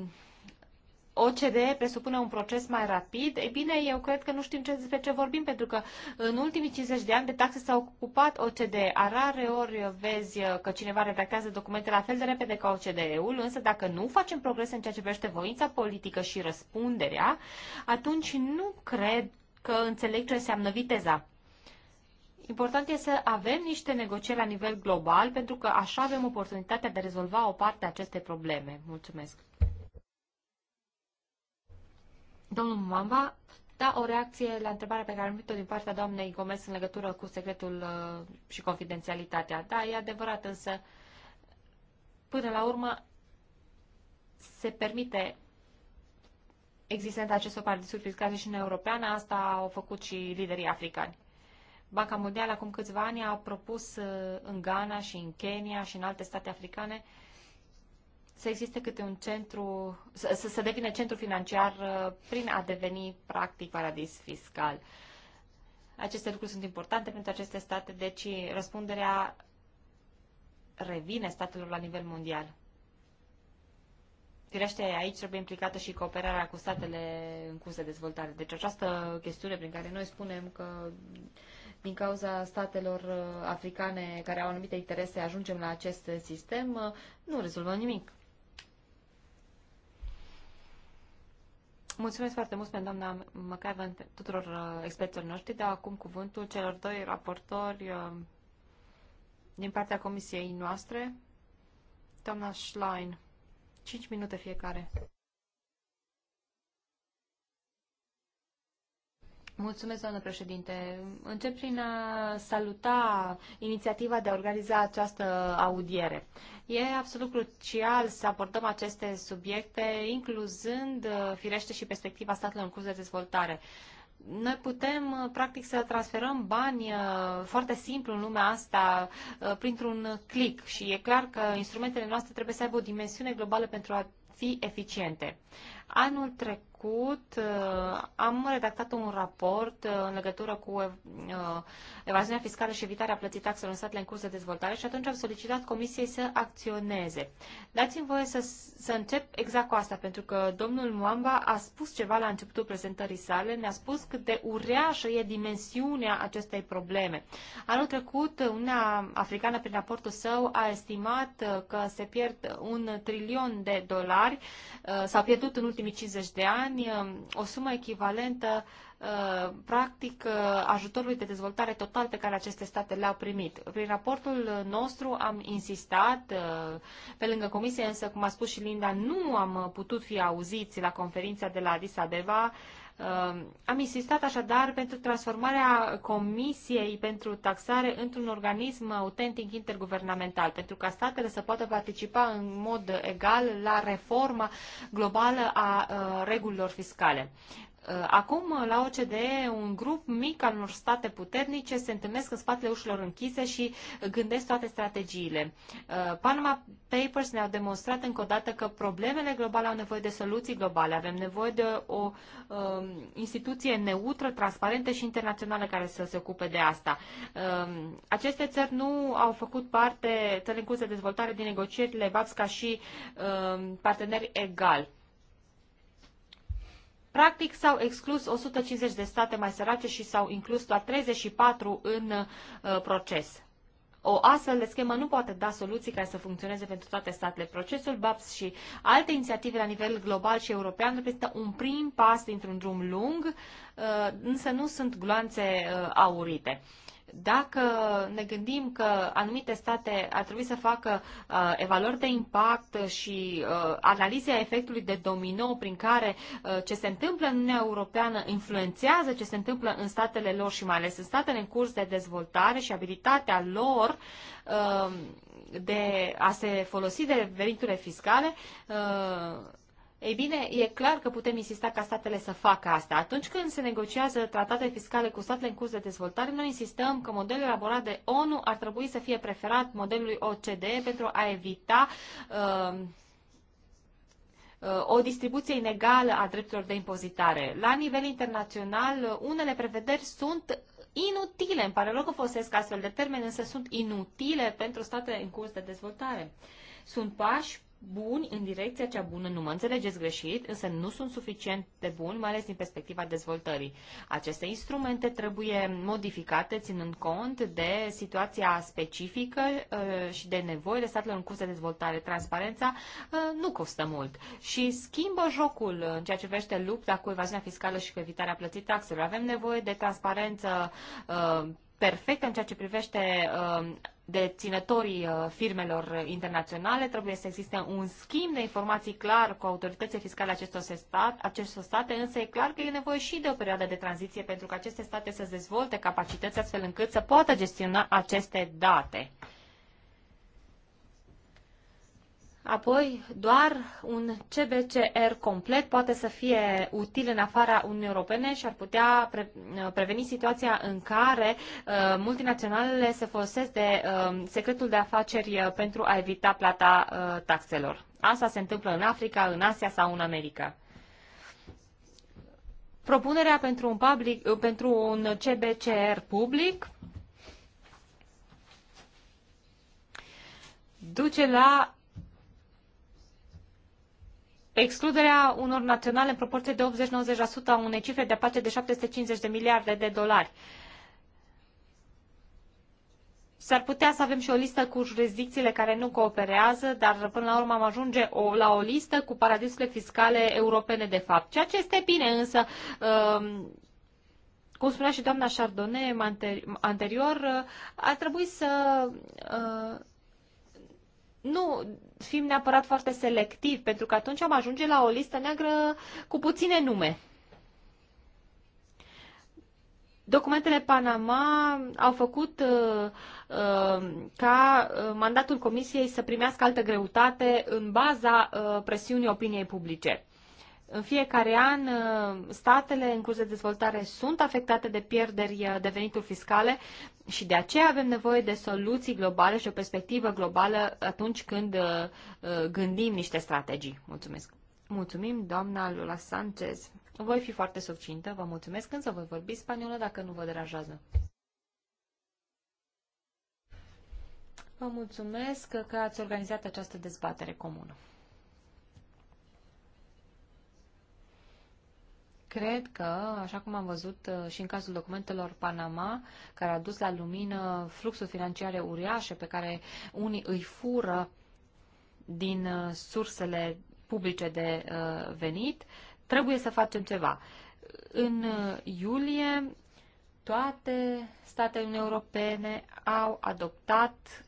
OCDE presupune un proces mai rapid, e bine, eu cred că nu știm ce, despre ce vorbim, pentru că în ultimii 50 de ani de taxe s-a ocupat OCDE. A rare ori vezi că cineva redactează documente la fel de repede ca OCDE-ul, însă dacă nu facem progrese în ceea ce privește voința politică și răspunderea, atunci nu cred că înțeleg ce înseamnă viteza. Important este să avem niște negocieri la nivel global, pentru că așa avem oportunitatea de a rezolva o parte a acestei probleme. Mulțumesc! Domnul Mamba, da, o reacție la întrebarea pe care am primit-o din partea doamnei Gomez în legătură cu secretul uh, și confidențialitatea. Da, e adevărat, însă până la urmă se permite existența acestor paradisuri fiscale și în europeană, asta au făcut și liderii africani. Banca Mondială acum câțiva ani a propus uh, în Ghana și în Kenya și în alte state africane uh, să existe câte un centru, să, să devine centru financiar uh, prin a deveni practic paradis fiscal. Aceste lucruri sunt importante pentru aceste state, deci răspunderea revine statelor la nivel mondial. Firește, aici trebuie implicată și cooperarea cu statele în curs de dezvoltare. Deci această chestiune prin care noi spunem că din cauza statelor uh, africane care au anumite interese ajungem la acest sistem, uh, nu rezolvăm nimic. Mulțumesc foarte mult, doamna McEvan, tuturor uh, experților noștri. Dau acum cuvântul celor doi raportori uh, din partea comisiei noastre. Doamna Schlein, 5 minute fiecare. Mulțumesc, doamnă președinte. Încep prin a saluta inițiativa de a organiza această audiere. E absolut crucial să abordăm aceste subiecte, incluzând, uh, firește, și perspectiva statelor în curs de dezvoltare noi putem, uh, practic, să transferăm bani uh, foarte simplu în lumea asta printr-un click și e clar că instrumentele noastre trebuie să aibă o dimensiune globală pentru a fi eficiente. Anul trecut, trecut uh, am redactat un raport uh, în legătură cu uh, evaziunea fiscală și evitarea plății taxelor în statele în curs de dezvoltare și atunci am solicitat Comisiei să acționeze. Dați-mi voie să, să încep exact cu asta, pentru că domnul Muamba a spus ceva la începutul prezentării sale, ne-a spus cât de ureașă e dimensiunea acestei probleme. Anul trecut, Uniunea Africană, prin raportul său, a estimat că se pierd un trilion de dolari, s-au pierdut în ultimii 50 de ani, ani um, o sumă echivalentă uh, practic uh, ajutorului de dezvoltare total pe care aceste state le-au primit. Prin raportul nostru am insistat, uh, pe lângă comisie, însă, cum a spus și Linda, nu am putut fi auziți la conferința de la Addis Abeba, am insistat așadar pentru transformarea Comisiei pentru Taxare într-un organism autentic interguvernamental, pentru ca statele să poată participa în mod egal la reforma globală a uh, regulilor fiscale. Uh, acum, uh, la OCDE, un grup mic al unor state puternice se întâlnesc în spatele ușilor închise și gândesc toate strategiile. Uh, Panama Papers ne-au demonstrat încă o dată că problemele globale au nevoie de soluții globale. Avem nevoie de o um, instituție neutră, transparentă și internațională care să se ocupe de asta. Um, aceste țări nu au făcut parte, țări în curs de dezvoltare, din negocierile VAPS ca și um, parteneri egali. Practic s-au exclus 150 de state mai sărace și s-au inclus doar 34 în uh, proces. O astfel de schemă nu poate da soluții care să funcționeze pentru toate statele. Procesul BAPS și alte inițiative la nivel global și european reprezintă un prim pas dintr-un drum lung, uh, însă nu sunt gloanțe uh, aurite. Dacă ne gândim că anumite state ar trebui să facă uh, evaluări de impact și uh, analize a efectului de domino prin care uh, ce se întâmplă în Uniunea Europeană influențează ce se întâmplă în statele lor și mai ales în statele în curs de dezvoltare și abilitatea lor uh, de a se folosi de veniturile fiscale, uh, ei bine, e clar că putem insista ca statele să facă asta. Atunci când se negociază tratate fiscale cu statele în curs de dezvoltare, noi insistăm că modelul elaborat de ONU ar trebui să fie preferat modelului OCDE pentru a evita uh, uh, o distribuție inegală a drepturilor de impozitare. La nivel internațional, uh, unele prevederi sunt inutile. Îmi pare rău că folosesc astfel de termeni, însă sunt inutile pentru statele în curs de dezvoltare. Sunt pași buni în direcția cea bună, nu mă înțelegeți greșit, însă nu sunt suficient de buni, mai ales din perspectiva dezvoltării. Aceste instrumente trebuie modificate ținând cont de situația specifică uh, și de nevoile statelor în curs de dezvoltare. Transparența uh, nu costă mult și schimbă jocul în ceea ce vește lupta cu evaziunea fiscală și cu evitarea plății taxelor. Avem nevoie de transparență uh, perfectă în ceea ce privește uh, deținătorii uh, firmelor internaționale, trebuie să existe un schimb de informații clar cu autoritățile fiscale acestor, state, acestor state, însă e clar că e nevoie și de o perioadă de tranziție pentru că aceste state să dezvolte capacități astfel încât să poată gestiona aceste date. Apoi, doar un CBCR complet poate să fie util în afara Uniunii Europene și ar putea pre- uh, preveni situația în care uh, multinaționalele se folosesc de uh, secretul de afaceri uh, pentru a evita plata uh, taxelor. Asta se întâmplă în Africa, în Asia sau în America. Propunerea pentru un, public, uh, pentru un CBCR public duce la excluderea unor naționale în proporție de 80-90% a unei cifre de aproape de 750 de miliarde de dolari. S-ar putea să avem și o listă cu jurisdicțiile care nu cooperează, dar până la urmă am ajunge o, la o listă cu paradisurile fiscale europene de fapt. Ceea ce este bine, însă, um, cum spunea și doamna Chardonnay anterior, uh, ar trebui să uh, nu fim neapărat foarte selectivi, pentru că atunci am ajunge la o listă neagră cu puține nume. Documentele Panama au făcut uh, uh, ca uh, mandatul Comisiei să primească altă greutate în baza uh, presiunii opiniei publice. În fiecare an, uh, statele în curs de dezvoltare sunt afectate de pierderi uh, de venituri fiscale și de aceea avem nevoie de soluții globale și o perspectivă globală atunci când uh, gândim niște strategii. Mulțumesc! Mulțumim, doamna Lula Sanchez. Voi fi foarte succintă, vă mulțumesc, însă voi vorbi spaniolă dacă nu vă deranjează. Vă mulțumesc că ați organizat această dezbatere comună. Cred că, așa cum am văzut uh, și în cazul documentelor Panama, care a dus la lumină fluxuri financiare uriașe pe care unii îi fură din uh, sursele publice de uh, venit, trebuie să facem ceva. În iulie, toate statele Uniunii Europene au adoptat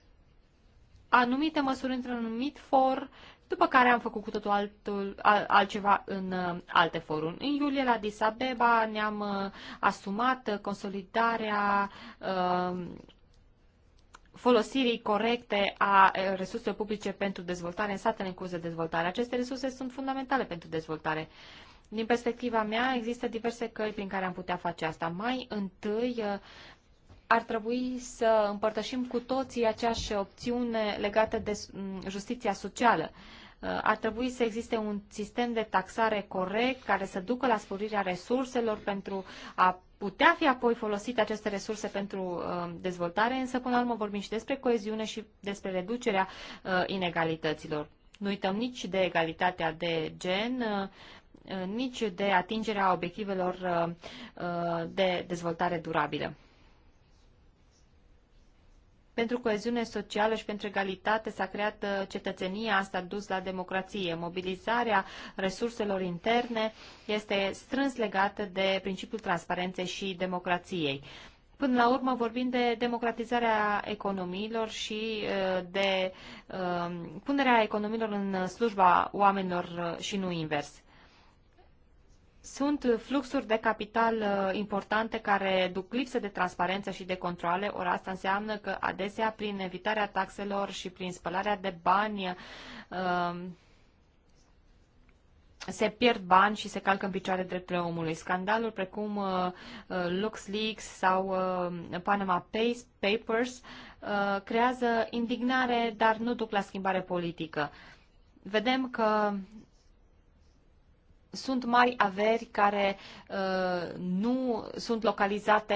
anumite măsuri într-un anumit for după care am făcut cu totul altul, al, altceva în uh, alte foruri. În iulie la Disabeba ne-am uh, asumat consolidarea uh, folosirii corecte a uh, resurselor publice pentru dezvoltare în satele în curs de dezvoltare. Aceste resurse sunt fundamentale pentru dezvoltare. Din perspectiva mea, există diverse căi prin care am putea face asta. Mai întâi, ar trebui să împărtășim cu toții aceeași opțiune legată de mm, justiția socială. Uh, ar trebui să existe un sistem de taxare corect care să ducă la sporirea resurselor pentru a putea fi apoi folosite aceste resurse pentru uh, dezvoltare, însă până la urmă vorbim și despre coeziune și despre reducerea uh, inegalităților. Nu uităm nici de egalitatea de gen, nici de atingerea obiectivelor de dezvoltare durabilă. Pentru coeziune socială și pentru egalitate s-a creat uh, cetățenia, asta a dus la democrație. Mobilizarea resurselor interne este strâns legată de principiul transparenței și democrației. Până la urmă vorbim de democratizarea economiilor și uh, de uh, punerea economiilor în slujba oamenilor și nu invers. Sunt fluxuri de capital uh, importante care duc lipsă de transparență și de controle, ori asta înseamnă că adesea prin evitarea taxelor și prin spălarea de bani uh, se pierd bani și se calcă în picioare drepturile omului. Scandalul precum uh, LuxLeaks sau Panama Papers creează indignare, dar nu duc la schimbare politică. Vedem că sunt mari averi care uh, nu sunt localizate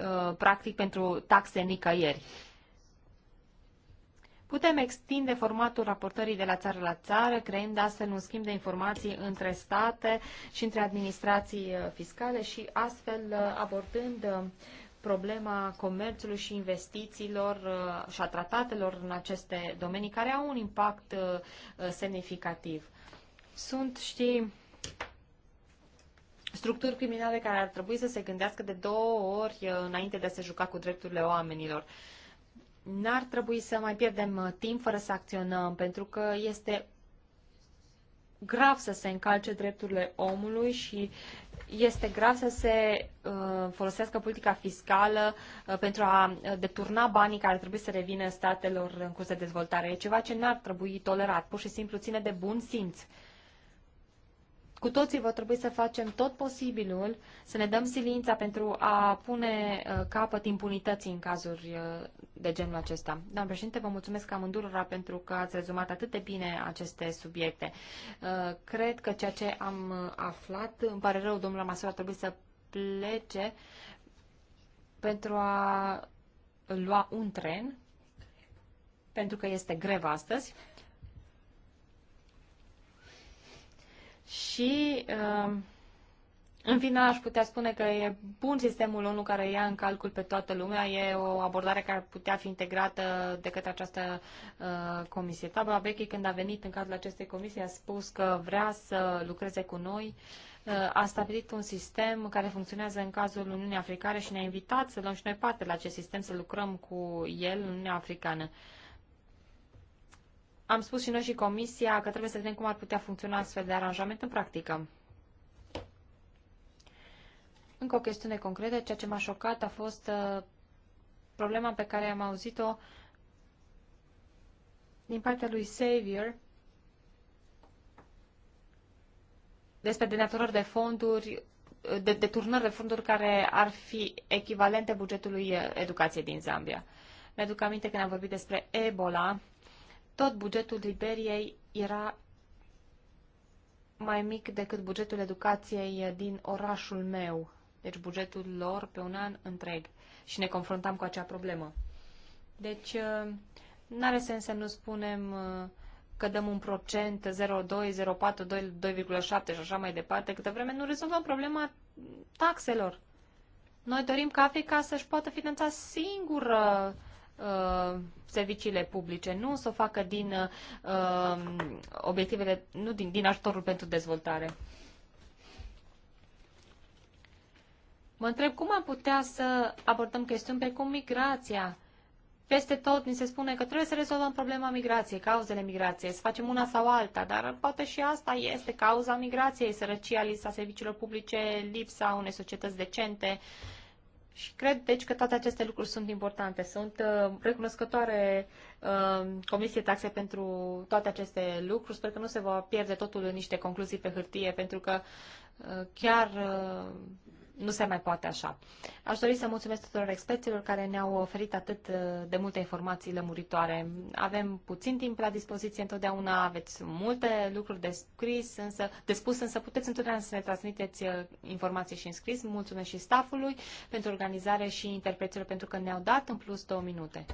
uh, practic pentru taxe nicăieri. Putem extinde formatul raportării de la țară la țară, creând astfel un schimb de informații între state și între administrații uh, fiscale și astfel uh, abordând uh, problema comerțului și investițiilor și a tratatelor în aceste domenii care au un impact semnificativ. Sunt, știi, structuri criminale care ar trebui să se gândească de două ori uh, înainte de a se juca cu drepturile oamenilor. N-ar trebui să mai pierdem uh, timp fără să acționăm, pentru că este grav să se încalce drepturile omului și este grav să se uh, folosească politica fiscală pentru a deturna banii care trebuie să revină statelor în curs de dezvoltare. E ceva ce n-ar trebui tolerat, pur și simplu ține de bun simț. Cu toții va trebui să facem tot posibilul, să ne dăm silința pentru a pune uh, capăt impunității în cazuri uh, de genul acesta. Doamne președinte, vă mulțumesc amândurora pentru că ați rezumat atât de bine aceste subiecte. Uh, cred că ceea ce am aflat, îmi pare rău, domnul Masur, a trebuit să plece pentru a lua un tren, pentru că este greva astăzi. și uh, în final aș putea spune că e bun sistemul ONU care ia în calcul pe toată lumea, e o abordare care ar putea fi integrată de către această uh, comisie. Tabla Becky, când a venit în cadrul acestei comisii, a spus că vrea să lucreze cu noi, uh, a stabilit un sistem care funcționează în cazul Uniunii Africane și ne-a invitat să luăm și noi parte la acest sistem, să lucrăm cu el în Uniunea Africană. Uh, am spus și noi și Comisia că trebuie să vedem cum ar putea funcționa astfel de aranjament în practică. Încă o chestiune concretă, ceea ce m-a șocat a fost uh, problema pe care am auzit-o din partea lui Savior despre denaturări de fonduri, uh, de, de turnări de fonduri care ar fi echivalente bugetului uh, educației din Zambia. Mi-aduc aminte când am vorbit despre Ebola, tot bugetul Liberiei era mai mic decât bugetul educației din orașul meu. Deci bugetul lor pe un an întreg. Și ne confruntam cu acea problemă. Deci, uh, nu are sens să nu spunem uh, că dăm un procent 0,2, 0,4, 2,7 și așa mai departe, câte vreme nu rezolvăm problema taxelor. Noi dorim ca Africa să-și poată finanța singură uh, Uh, serviciile publice, nu să o facă din uh, obiectivele, nu din, din ajutorul pentru dezvoltare. Mă întreb cum am putea să abordăm chestiuni precum migrația. Peste tot ni se spune că trebuie să rezolvăm problema migrației, cauzele migrației, să facem una sau alta, dar poate și asta este cauza migrației, sărăcia, lipsa serviciilor publice, lipsa unei societăți decente, uh, și cred, deci, că toate aceste lucruri sunt importante. Sunt uh, recunoscătoare uh, Comisiei Taxe pentru toate aceste lucruri. Sper că nu se va pierde totul în niște concluzii pe hârtie, pentru că uh, chiar uh, nu se mai poate așa. Aș dori să mulțumesc tuturor experților care ne-au oferit atât uh, de multe informații lămuritoare. Avem puțin timp la dispoziție întotdeauna, aveți multe lucruri de scris, însă, de spus, însă puteți întotdeauna să ne transmiteți uh, informații și în scris. Mulțumesc și staffului pentru organizare și interpreților pentru că ne-au dat în plus două minute.